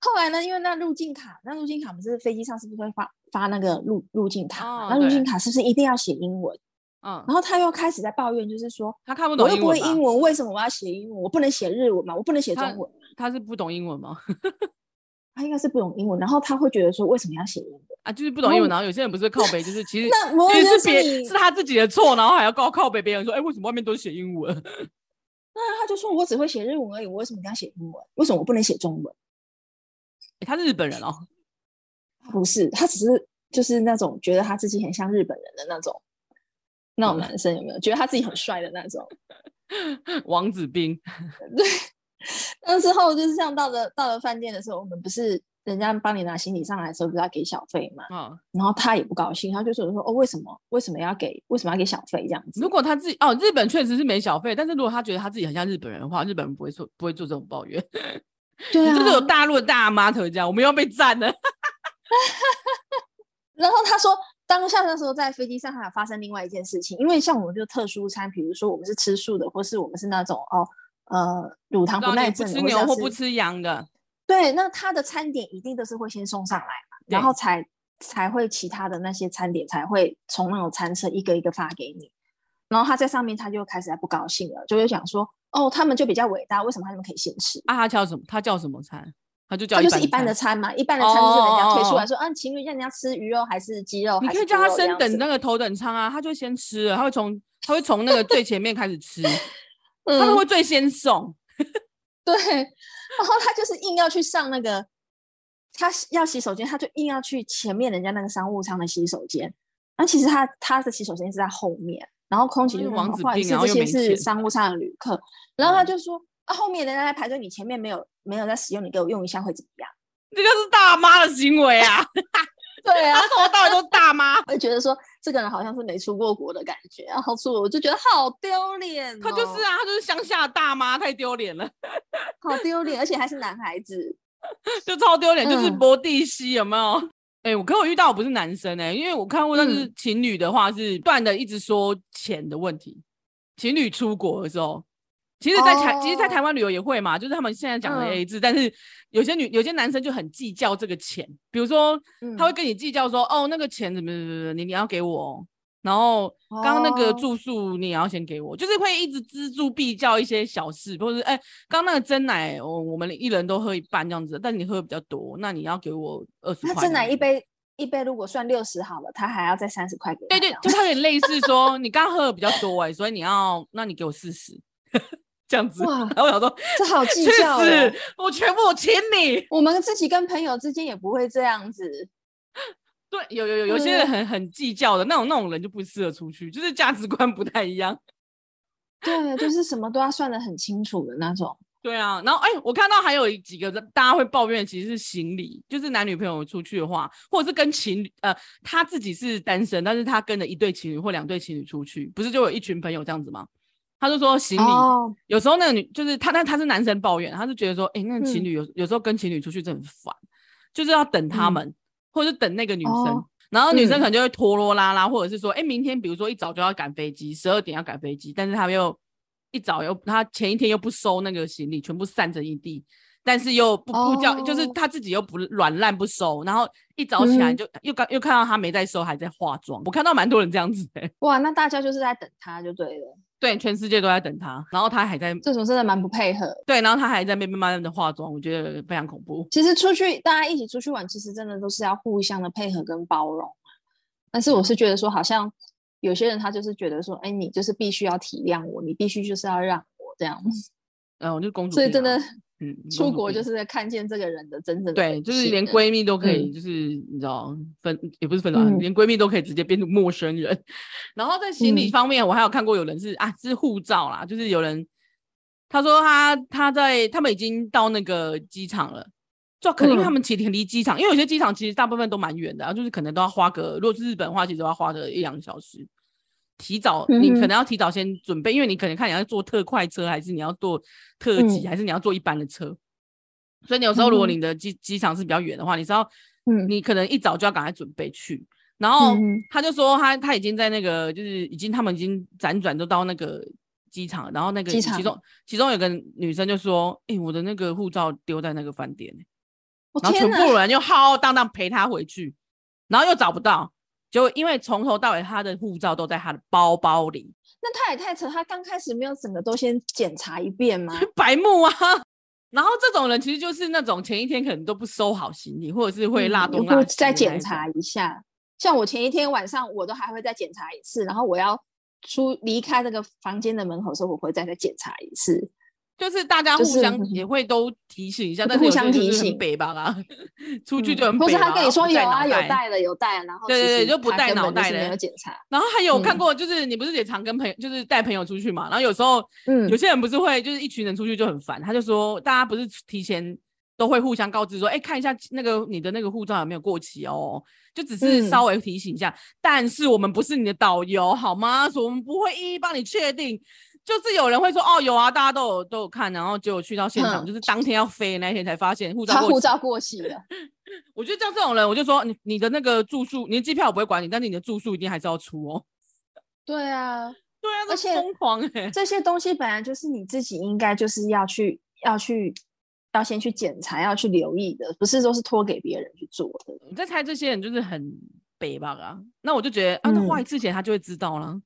後來呢？因為那入境卡，那入境卡，不是飛機上是不是會放？發那個入、入境卡，哦、那入境卡是不是一定要寫英文？嗯，然後他又開始在抱怨，就是說他看不懂，我又不會英文，為什麼我要寫英文？我不能寫日文嘛，我不能寫中文他。他是不懂英文嗎？ [laughs] 他應該是不懂英文，然後他會覺得說，為什麼要寫英文啊？就是不懂英文，然後有些人不是靠北，後就是其實 [laughs] 那別是， [laughs] 是他自己的錯，然後還要告靠北，別人說，哎、欸，為什麼外面都是寫英文？ [laughs] 那他就說，我只會寫日文而已，我為什麼要寫英文？為什麼我不能寫中文、欸？他是日本人哦。 [laughs] 不是，他只是就是那種覺得他自己很像日本人的那種，那種男生有沒有？嗯、覺得他自己很帥的那種王子病。對。那時候就是像到了到了飯店的時候，我們不是人家幫你拿行李上來的時候不是要給小費嘛。嗯。然後他也不高興，他就說，就說：“說哦，為什麼為什麼要給為什麼要給小費這樣子？”如果他自己哦，日本確實是沒小費，但是如果他覺得他自己很像日本人的話，日本人不會做不會做這種抱怨。 [laughs] 對啊。就是有大陸的大媽特別這樣，我們要被讚了。 [laughs] 然後他說，當下的時候在飛機上還有發生另外一件事情，因為像我們就特殊餐，比如說我們是吃素的，或是我們是那種哦，呃，乳糖不耐症，不，不吃牛或不吃羊的。對，那他的餐點一定都是會先送上來對然後才才會其他的那些餐點才會從那種餐車一個一個發給你。然後他在上面，他就開始不高興了，就想說：“哦，他們就比較偉大，為什麼他們可以先吃？”啊，他叫什麼？他叫什麼餐？他就叫餐，這就是一般的餐嘛，一般的餐就是人家推出來說，嗯、oh, oh, oh, oh. 啊，情侶叫人家吃魚肉還是雞肉，還是豬肉？你可以叫他先等那個頭等艙啊，他就先吃了，他會從他會從那個最前面開始吃， [laughs] 他們會最先送。嗯、 [laughs] 對，然後他就是硬要去上那個，他要洗手間，他就硬要去前面人家那個商務艙的洗手間。那其實他他的洗手間是在後面，然後空姐就說不好意思，是商務艙的旅客。然後他就說，嗯、啊，後面人家在排隊，你前面沒有。沒有在使用，你給我用一下會怎麼樣？這個是大媽的行為啊！對啊，說我到底都是大媽。 [laughs] 我覺得說這個人好像是沒出過國的感覺，後出 [laughs] 我就覺得好丟臉、哦。他就是啊，他就是鄉下的大媽，太丟臉了， [laughs] 好丟臉，而且還是男孩子， [laughs] 就超丟臉，嗯、就是波地西有沒有？哎、欸，我可我遇到我不是男生哎、欸，因為我看過，但是情侶的話是斷的，一直說錢的問題。嗯、情侶出國的時候。其實，在臺、oh, 其實，在台灣旅遊也會嘛，就是他們現在講的 AA 制，uh, 但是有些女有些男生就很計較這個錢，比如說他會跟你計較說，嗯、哦，那個錢怎麼怎麼怎麼，你你要給我，然後剛剛那個住宿、oh. 你也要先給我，就是會一直錙銖必較一些小事，或者是哎，剛、欸、剛那個珍奶、哦，我們一人都喝一半這樣子，但你喝比較多，那你要給我二十塊，那珍奶一杯一杯如果算六十好了，他還要再三十塊給。對，對對，就他有點類似說， [laughs] 你剛喝的比較多哎、欸，所以你要，那你給我四十。 [laughs] 這樣子哇，然後我想說，這好計較，我全部我請你。我們自己跟朋友之間也不會這樣子。 [laughs] 對，有有有，有些人很很計較的、嗯、那種，那種人就不適合出去，就是價值觀不太一樣。對，就是什麼都要算得很清楚的那種。 [laughs] 對啊，然後哎、欸，我看到還有一幾個大家會抱怨，其實是行李，就是男女朋友出去的話，或者是跟情侶，呃，他自己是單身，但是他跟了一對情侶或兩對情侶出去，不是就有一群朋友這樣子嗎？他就說行李、oh. 有時候那個女就是他，那他,他是男生抱怨，他就覺得說，哎、欸，那個情侶有、嗯、有時候跟情侶出去真的很煩，就是要等他們，嗯、或者是等那個女生，oh. 然後女生可能就會拖拖拉拉，或者是說，哎、欸，明天比如說一早就要趕飛機，十二點要趕飛機，但是他又一早又他前一天又不收那個行李，全部散成一地，但是又不不叫，oh. 就是他自己又不軟爛不收，然後一早起來就、嗯、又剛又看到他沒在收，還在化妝，我看到蠻多人這樣子的、欸、哇，那大家就是在等他就對了。對，全世界都在等他，然後他還在，這種真的蠻不配合。對，然後他還在慢慢慢的化妝，我覺得非常恐怖。其實出去大家一起出去玩，其實真的都是要互相的配合跟包容。但是我是覺得說，好像有些人他就是覺得說，哎，你就是必須要體諒我，你必須就是要讓我這樣子。嗯、呃，我就是，公主病。所以真的。嗯，出國就是在看見這個人的真正的對，就是連閨蜜都可以，就是、嗯、你知道分也不是分了，嗯、連閨蜜都可以直接變成陌生人。 [laughs] 然後在行李方面，嗯、我還有看過有人是啊，是護照啦，就是有人他說他他在他們已經到那個機場了，就可能他們其實離機場，嗯、因為有些機場其實大部分都蠻遠的、啊，然後就是可能都要花個，如果是日本的話，其實都要花個一兩個小時。提早，你可能要提早先準備，嗯、因為你可能看你要坐特快車，還是你要坐特急，嗯、還是你要坐一般的車。嗯、所以你有時候如果你的機機、嗯、場是比較遠的話，你知道，嗯、你可能一早就要趕快準備去。然後、嗯、他就說他他已經在那個就是已經他們已經輾轉都到那個機場，然後那個其中機場。其中有個女生就說：“哎、欸，我的那個護照丟在那個飯店、欸。哦”然後全部人就浩浩蕩蕩陪他回去，然後又找不到。就因為從頭到尾他的護照都在他的包包裡，那他也太扯，他剛開始沒有整個都先檢查一遍嗎？白目啊！然後這種人其實就是那種前一天可能都不收好行李，或者是會落東落西、嗯、再檢查一下，像我前一天晚上我都還會再檢查一次，然後我要出離開那個房間的門口的時候，我會再再檢查一次。就是大家互相也會都提醒一下，就是、但是是北互相提醒北吧啦。出去就很不是他跟你說有啊，帶有帶、啊、了，有帶。然後對對對，就不帶腦袋的。沒有檢查然後還有看過，嗯、就是你不是也常跟朋友，就是帶朋友出去嘛？然後有時候，嗯、有些人不是會就是一群人出去就很煩。他就說，大家不是提前都會互相告知說，哎、欸，看一下那個你的那個護照有沒有過期哦，就只是稍微提醒一下。嗯、但是我們不是你的導遊，好嗎？所以我們不會一一幫你確定。就是有人會說哦，有啊，大家都有都有看，然後結果去到現場，嗯、就是當天要飛的那一天才發現護照護照過期了。 [laughs] 我覺得像這種人，我就說你你的那個住宿、你的機票我不會管你，但是你的住宿一定還是要出哦、喔。對啊，對啊，欸、而且瘋狂哎， [laughs] 這些東西本來就是你自己應該就是要去要去要先去檢查，要去留意的，不是說是托給別人去做的。你在猜這些人就是很北吧啊？那我就覺得、嗯、啊，那花一次錢他就會知道了。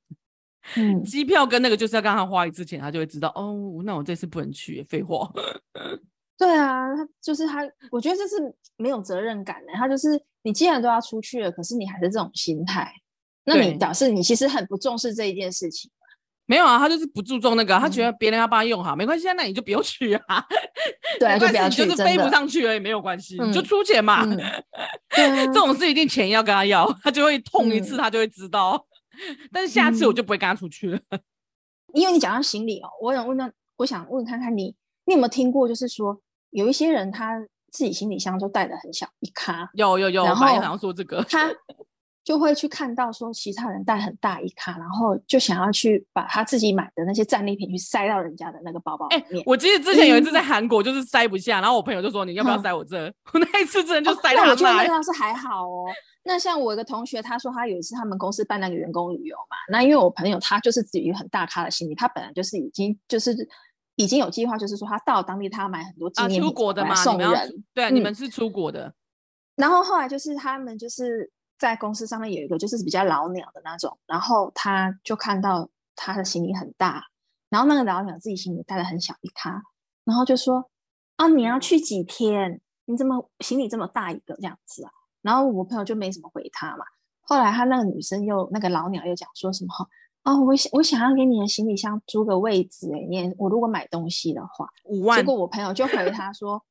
嗯、機票跟那個就是要跟他花一次錢，他就會知道哦。那我這次不能去，廢話。對啊，他就是他，我覺得這是沒有責任感的。他就是你既然都要出去了，可是你還是這種心態，那你表示你其實很不重視這一件事情嗎？沒有啊，他就是不注重那個，他覺得別人要幫他用好，嗯、沒關係啊，那你就不要去啊。對啊沒關係，就不要去就是飛不上去了也的沒有關係，嗯、你就出錢嘛。嗯啊、這種事一定錢要跟他要，他就會痛一次，嗯、他就會知道。 [laughs] 但是下次我就不會跟他出去了，嗯，因為你講到行李哦，我想問那，我想問看看你，你有沒有聽過，就是說有一些人他自己行李箱都帶的很小一卡，有有有，然後我想要說這個他。 [laughs] 就會去看到說其他人帶很大一咖，然後就想要去把他自己買的那些戰利品去塞到人家的那個包包裡，欸、我記得之前有一次在韓國就是塞不下，嗯、然後我朋友就說，你要不要塞我這？嗯、我那一次真的就塞到那。哦，那我覺得那樣是還好哦。 [laughs] 那像我一個同學，他說他有一次他們公司辦那個員工旅遊嘛，那因為我朋友他就是屬於很大咖的心理，他本來就是已經就是已經有計劃，就是說他到當地他要買很多紀念品。啊。出國的嘛，你們要對，嗯、你們是出國的。然後後來就是他們就是。在公司上面有一個就是比較老鳥的那種，然後他就看到他的行李很大，然後那個老鳥自己行李帶了很小一咖，然後就說啊、哦，你要去幾天？你怎麼行李這麼大一個這樣子啊？然後我朋友就沒什麼回他嘛。後來他那個女生又那個老鳥又講說什麼啊、哦，我想我想要給你的行李箱租個位置，你我如果買東西的話，五萬。結果我朋友就回他說。 [laughs]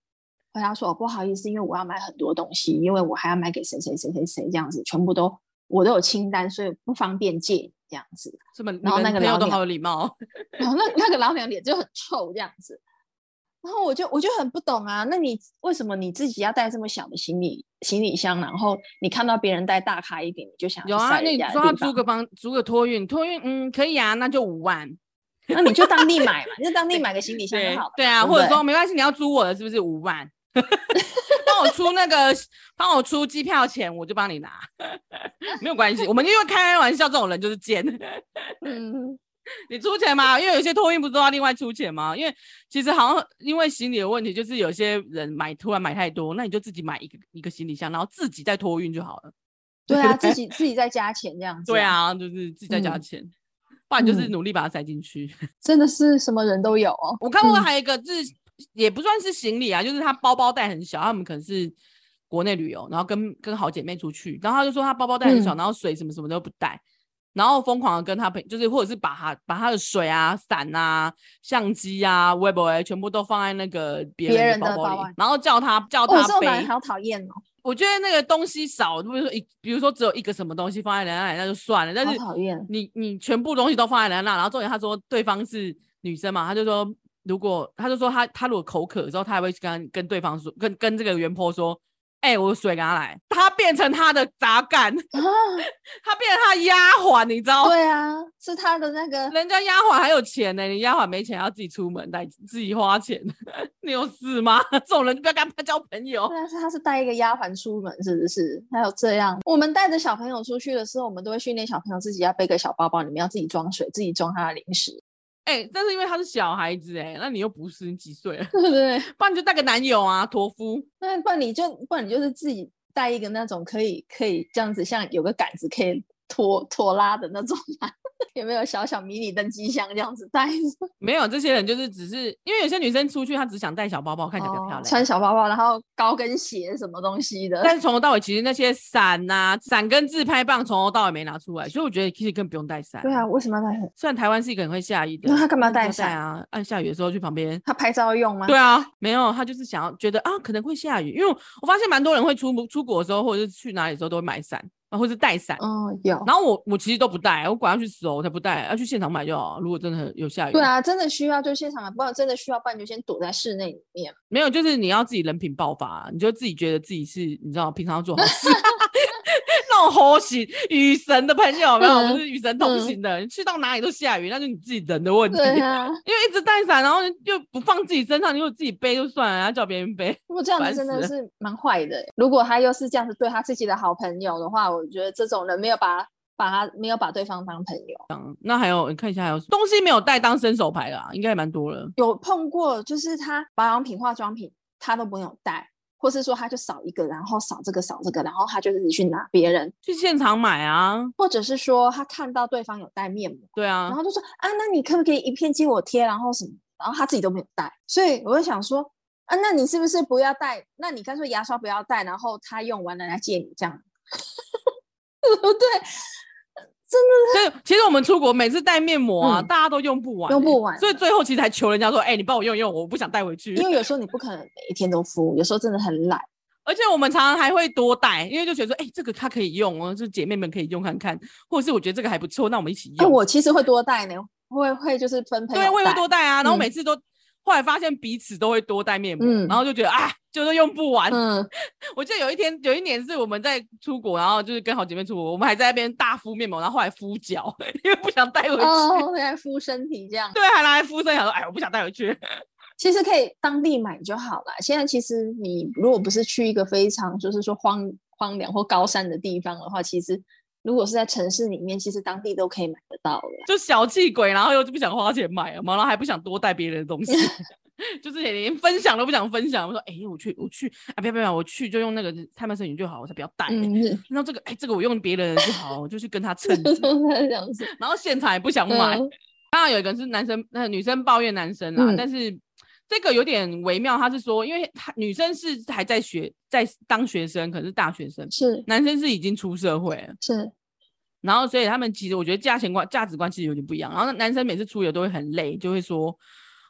他說、哦：“不好意思，因為我要買很多東西，因為我還要買給誰誰誰誰誰這樣子，全部都我都有清單，所以不方便借這樣子。”是麼？然後那個老娘好有禮貌、哦。然後那那個老娘臉就很臭這樣子。然後我就我就很不懂啊，那你為什麼你自己要帶這麼小的行李行李箱？嗯、然後你看到別人帶大咖一點，你就想有啊？那你說要租個房，租個托運托運，嗯，可以啊，那就五萬。 [laughs] 那你就當地買嘛， [laughs] 對你就當地買個行李箱就好了對。對啊，對對或者說沒關係，你要租我的是不是？五萬。幫 [laughs] 我出那個，幫 [laughs] 我出機票錢，我就幫你拿， [laughs] 沒有關係。我們因為開玩笑，這種人就是賤。 [laughs] 嗯、你出錢嗎？因為有些托運不是都要另外出錢嗎？因為其實好像因為行李的問題，就是有些人買突然買太多，那你就自己買一個一個行李箱，然後自己再托運就好了。對啊， [laughs] 自己自己再加錢這樣子。對啊，就是自己再加錢，嗯、不然就是努力把它塞進去、嗯。真的是什麼人都有、哦， [laughs] 我看過還有一個自。 [laughs] 也不算是行李啊，就是她包包帶很小，他們可能是國內旅遊，然後跟跟好姐妹出去，然後他就說她包包帶很小，嗯、然後水什麼什麼都不帶，然後瘋狂的跟她就是或者是把她把她的水啊、傘啊、相機啊、Web 全部都放在那個別人的包包裡，包然後叫她叫她背，哦、好討厭哦！我覺得那個東西少，比如說一，比如說只有一個什麼東西放在人家那，那就算了，但是你你，你全部東西都放在人家那，然後重點他說對方是女生嘛，他就說。如果他就說他他如果口渴，之後，他還會跟跟對方說，跟跟這個袁婆說，哎、欸，我有水給他來。他變成他的雜干，啊、他變成他的丫鬟，你知道，對啊，是他的那個人家丫鬟，還有錢呢、欸，你丫鬟沒錢要自己出門帶自己花錢， [laughs] 你有事嗎？這種人就不要跟他交朋友。對啊，他是帶一個丫鬟出門，是不是？還有這樣，我們帶着小朋友出去的時候，我們都會訓練小朋友自己要背個小包包，裡面要自己裝水，自己裝他的零食。哎、欸，但是因為他是小孩子哎、欸，那你又不是，你幾歲？對對對，不然你就帶個男友啊，托夫。那不然你就，不然你就是自己帶一個那種可以，可以這樣子，像有個桿子可以。拖拖拉的那種嗎、啊？ [laughs] 有沒有小小迷你登機箱這樣子帶着沒有，這些人就是只是因為有些女生出去，她只想帶小包包，看起來比較漂亮，哦，穿小包包，然後高跟鞋什麼東西的。但是從頭到尾，其實那些傘吶、啊、傘跟自拍棒從頭到尾沒拿出來，所以我覺得其實更不用帶傘。對啊，為什麼要帶傘？雖然台灣是一個人會下雨的，那、嗯、他幹嘛帶傘啊？按下雨的時候去旁邊，他拍照用嗎？對啊，沒有，他就是想要覺得啊可能會下雨，因為我發現蠻多人會出出國的時候，或者是去哪裡的時候都會買傘。啊，或是帶傘，哦，有。然後我我其實都不帶，我管他去死哦，我才不帶，要去現場買就好。如果真的很有下雨，對啊，真的需要就現場買，不然真的需要辦就先躲在室內裡面。沒有，就是你要自己人品爆發，你就自己覺得自己是，你知道，平常要做好事。 [laughs] [laughs] 同行 [laughs] 雨神的朋友，沒有，我們、嗯、是雨神同行的，嗯、你去到哪裡都下雨，那是你自己人的問題。啊、 [laughs] 因為一直帶傘，然後又不放自己身上，如果自己背就算了，然後叫別人背，如果這樣子真的是蠻壞的、欸。如果他又是這樣子對他自己的好朋友的話，我覺得這種人沒有把把他沒有把對方當朋友。嗯，那還有你看一下，還有東西沒有帶當伸手牌的、啊，應該也蠻多人。有碰過，就是他保養品、化妝品，他都沒有帶。或是說他就少一個，然後少這個少這個，然後他就自己去拿別人去現場買啊，或者是說他看到對方有帶面膜，對啊，然後就說啊，那你可不可以一片借我貼，然後什麼，然後他自己都沒有帶，所以我就想說啊，那你是不是不要帶？那你乾脆牙刷不要帶，然後他用完了來借你這樣， [laughs] 對。真的，所以其實我們出國每次帶面膜啊，嗯、大家都用不完，欸，用不完，所以最後其實還求人家說，哎、欸，你幫我用一用，我不想帶回去。因為有時候你不可能每一天都敷，有時候真的很懶。 [laughs] 而且我們常常還會多帶，因為就覺得說，哎、欸，這個它可以用，就姐妹們可以用看看，或者是我覺得這個還不錯，那我們一起用。哎、嗯，我其實會多帶呢，欸，會會就是分配。對，我也會多帶啊，然後每次都。嗯後來發現彼此都會多帶面膜，嗯、然後就覺得啊，就是用不完。嗯、我記得有一天，有一年是我們在出國，然後就是跟好姐妹出國，我們還在那邊大敷面膜，然後後來敷腳，因為不想帶回去，拿來、哦、敷身體這樣。對，還拿來敷身體，說哎，我不想帶回去。其實可以當地買就好了。現在其實你如果不是去一個非常就是說荒荒涼或高山的地方的話，其實。如果是在城市裡面，其實當地都可以買得到了、啊。就小氣鬼，然後又不想花錢買嘛，然後還不想多帶別人的東西， [laughs] [laughs] 就是連分享都不想分享。我說：“哎、欸，我去，我去啊！不要不要，我去就用那個他們攝影就好，我才不要帶、欸。嗯、然後這個，哎、欸，這個我用別人的就好， [laughs] 我就去跟他蹭。 [laughs] 他這樣子然後現場也不想買。當、哦、然有一個是男生，那個、女生抱怨男生啦，嗯、但是這個有點微妙。他是說，因為他女生是還在學，在當學生，可是大學生是男生是已經出社會了，是。然後，所以他們其實我覺得價錢觀、價值觀其實有點不一樣。然後男生每次出遊都會很累，就會說：“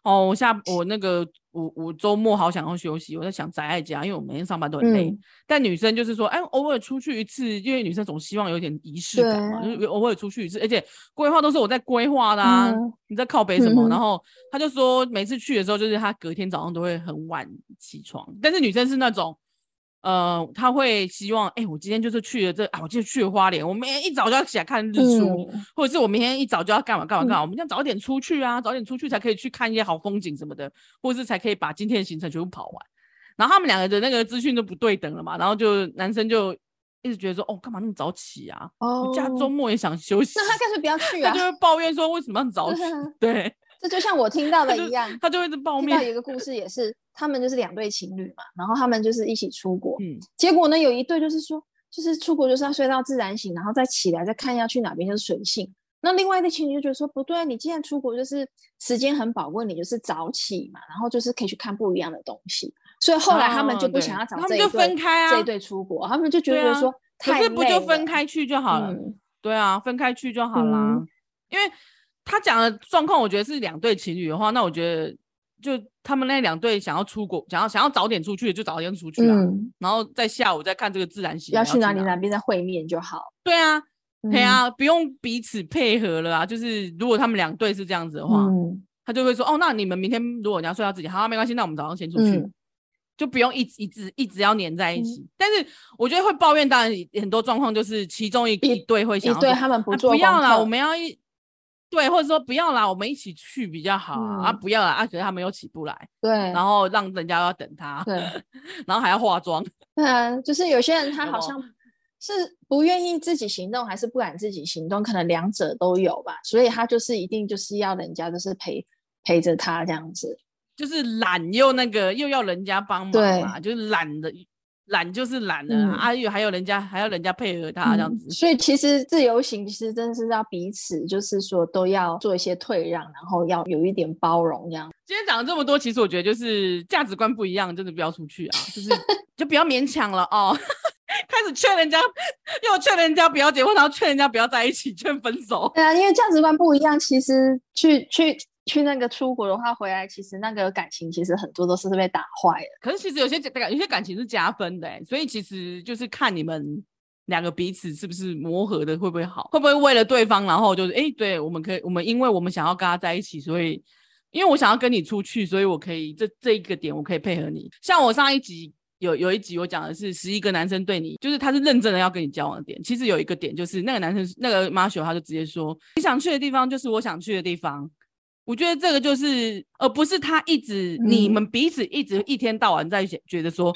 哦，我下我那個我我周末好想要休息，我在想宅在家，因為我每天上班都很累。嗯”但女生就是說：“哎，偶爾出去一次，因為女生總希望有點儀式感嘛，對就是偶爾出去一次。”而且規劃都是我在規劃啦、啊，嗯、你在靠北什麼？嗯、哼然後他就說每次去的時候，就是他隔天早上都會很晚起床。但是女生是那種。呃，他會希望，哎、欸，我今天就是去了這啊，我就去了花蓮，我明天一早就要起來看日出，嗯、或者是我明天一早就要幹嘛幹嘛幹嘛，嗯、我們要早點出去啊，早點出去才可以去看一些好風景什麼的，或者是才可以把今天的行程全部跑完。然後他們兩個的那個資訊就不對等了嘛，然後就男生就一直覺得說，哦，幹嘛那麼早起啊？哦、我家周末也想休息，那他乾脆不要去啊，他就會抱怨說為什麼要很早起？ [laughs] 對，這就像我聽到的一樣，他就會一直抱怨。一個故事也是。他們就是兩對情侶嘛，然後他們就是一起出國，嗯，結果呢，有一對就是說，就是出國就是要睡到自然醒，然後再起來再看要去哪邊，就是隨性。那另外一對情侶就覺得說不對，你既然出國，就是時間很寶貴，你就是早起嘛，然後就是可以去看不一樣的東西。所以後來他們就不想要找這一對，哦對分開啊、這一對出國，他們就覺得說對、啊、太累了，可是不就分開去就好了？嗯、對啊，分開去就好了。嗯、因為他講的狀況，我覺得是兩對情侶的話，那我覺得。就他們那兩對想要出國，想要想要早點出去，就早點出去啦。嗯，然後在下午再看這個自然醒要去哪裡哪邊再會面就好。對啊，嗯、對啊，不用彼此配合了啊。就是如果他們兩對是這樣子的話，嗯、他就會說：“哦，那你們明天如果你要睡到自己，好啊，沒關係，那我們早上先出去，嗯、就不用一直一直一直要黏在一起。嗯”但是我覺得會抱怨，當然很多狀況就是其中一一,一對會想要對他們不做、啊、不要了，我們要一。對，或者說不要啦，我們一起去比較好啊！嗯、啊不要啦，啊，可是他們又起不來，對，然後讓人家要等他，對，然後還要化妝，對啊，就是有些人他好像是不願意自己行動，還是不敢自己行動，可能兩者都有吧，所以他就是一定就是要人家就是陪陪着他這樣子，就是懶又那個又要人家幫忙嘛，對就是懶的。懶就是懶了、啊，阿玉、嗯啊、還有人家還要人家配合他這樣子，嗯、所以其實自由行其實真的是要彼此，就是說都要做一些退讓，然後要有一點包容這樣。今天講了這麼多，其實我覺得就是價值觀不一樣，真的不要出去啊，就是 [laughs] 就不要勉強了哦。 [laughs] 開始勸人家，又勸人家不要結婚，然後勸人家不要在一起，勸分手。對啊，因為價值觀不一樣，其實去去。去那個出國的話，回來其實那個感情其實很多都是被打壞的。可是其實有些感有些感情是加分的、欸，所以其實就是看你們兩個彼此是不是磨合的會不會好，會不會為了對方，然後就是哎、欸，對，我們可以，我們因為我們想要跟他在一起，所以因為我想要跟你出去，所以我可以這這一個點我可以配合你。像我上一集有有一集我講的是十一個男生對你，就是他是認真的要跟你交往的點。其實有一個點就是那個男生那個馬修他就直接說你想去的地方就是我想去的地方。我覺得這個就是，而、呃、不是他一直、嗯、你們彼此一直一天到晚在一起，覺得說，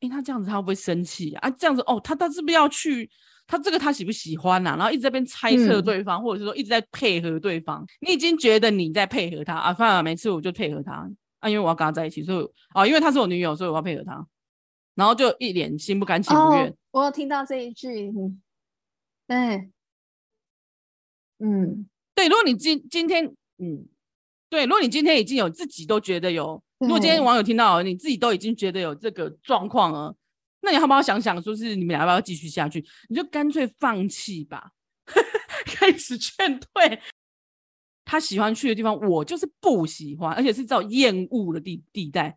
哎、欸，他這樣子他會不會生氣啊，啊？這樣子哦，他他是不是要去？他這個他喜不喜歡吶、啊？然後一直在邊猜測對方，嗯、或者是說一直在配合對方。你已經覺得你在配合他啊？反而每次我就配合他啊，因為我要跟他在一起，所以啊，因為他是我女友，所以我要配合他。然後就一臉心不甘情不願、哦。我有聽到這一句，對，嗯，對，如果你今今天，嗯。對，如果你今天已經有自己都覺得有，嗯、如果今天網友聽到你自己都已經覺得有這個狀況了，那你好不好想想，說是你們倆要不要繼續下去？你就乾脆放棄吧， [laughs] 開始勸退。他喜歡去的地方，我就是不喜歡，而且是這種厭惡的地地帶。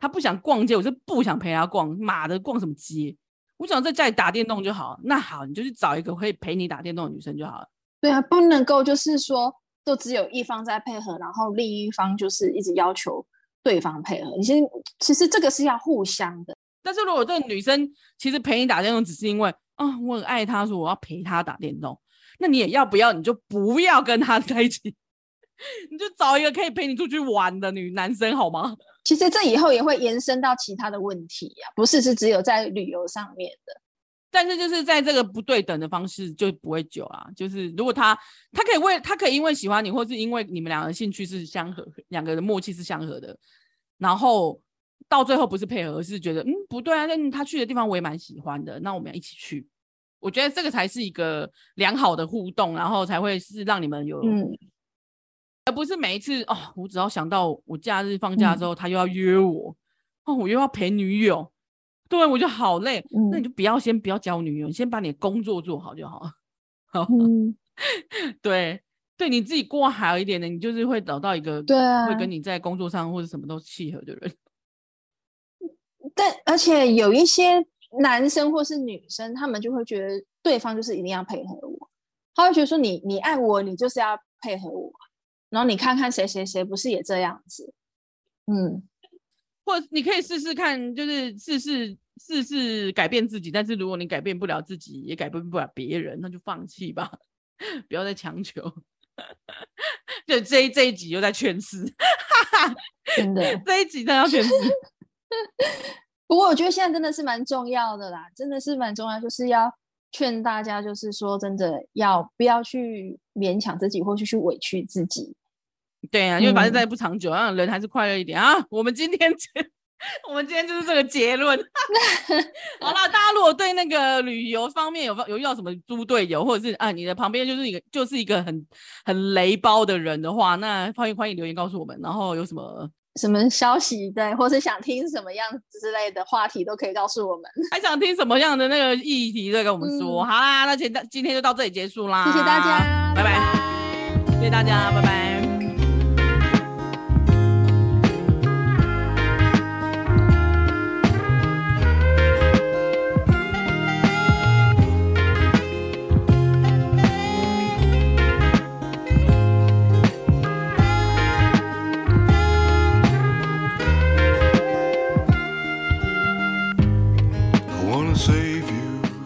他不想逛街，我是不想陪他逛。媽的，逛什麼街？我想在家裡打電動就好。那好，你就去找一個可以陪你打電動的女生就好了。對啊，不能夠就是說。都只有一方在配合，然後另一方就是一直要求對方配合。你其實，其實這個是要互相的。但是如果這女生其實陪你打電動只是因為啊、哦、我很愛她，說我要陪她打電動，那你也要不要？你就不要跟她在一起， [laughs] 你就找一個可以陪你出去玩的女男生好嗎？其實這以後也會延伸到其他的問題呀、啊，不是是只有在旅遊上面的。但是就是在這個不對等的方式就不會久啊。就是如果他他可以為他可以因為喜歡你，或是因為你們兩個的興趣是相合，兩個人的默契是相合的，然後到最後不是配合，而是覺得嗯，不對啊，但他去的地方我也蠻喜歡的，那我們要一起去。我覺得這個才是一個良好的互動，然後才會是讓你們有，嗯、而不是每一次哦，我只要想到我假日放假之後、嗯、他又要約我，哦，我又要陪女友。對我就好累，嗯、那你就不要先不要交女友，你先把你的工作做好就好。好， [laughs] 嗯， [laughs] 對，對你自己過好一點的，你就是會找到一個對啊，會跟你在工作上或者什麼都契合的人。但而且有一些男生或是女生，他們就會覺得對方就是一定要配合我，他會覺得說你你愛我，你就是要配合我，然後你看看誰誰誰不是也這樣子？嗯，或你可以試試看，就是試試。事事改變自己，但是如果你改變不了自己，也改變不了別人，那就放棄吧， [laughs] 不要再強求。對， [laughs] 這這一集又在勸世， [laughs] 真的，這一集又要勸世。 [laughs] 不過我覺得現在真的是蠻重要的啦，真的是蠻重要，就是要勸大家，就是說真的，要不要去勉強自己，或者去委屈自己？對啊，因為反正再不長久，嗯、讓人還是快樂一點啊。我們今天 [laughs] [laughs] 我們今天就是這個結論。 [laughs] 好了，大家如果對那個旅遊方面有有遇到什麼豬隊友，或者是啊你的旁邊就是一個就是一個很很雷包的人的話，那歡迎歡迎留言告訴我們。然後有什麼什麼消息對，或是想聽什麼樣子之類的話題，都可以告訴我們。還想聽什麼樣的那個議題再跟我們說。嗯、好啦，那今今天就到這裡結束啦。謝謝大家，拜拜 bye。謝謝大家，拜拜。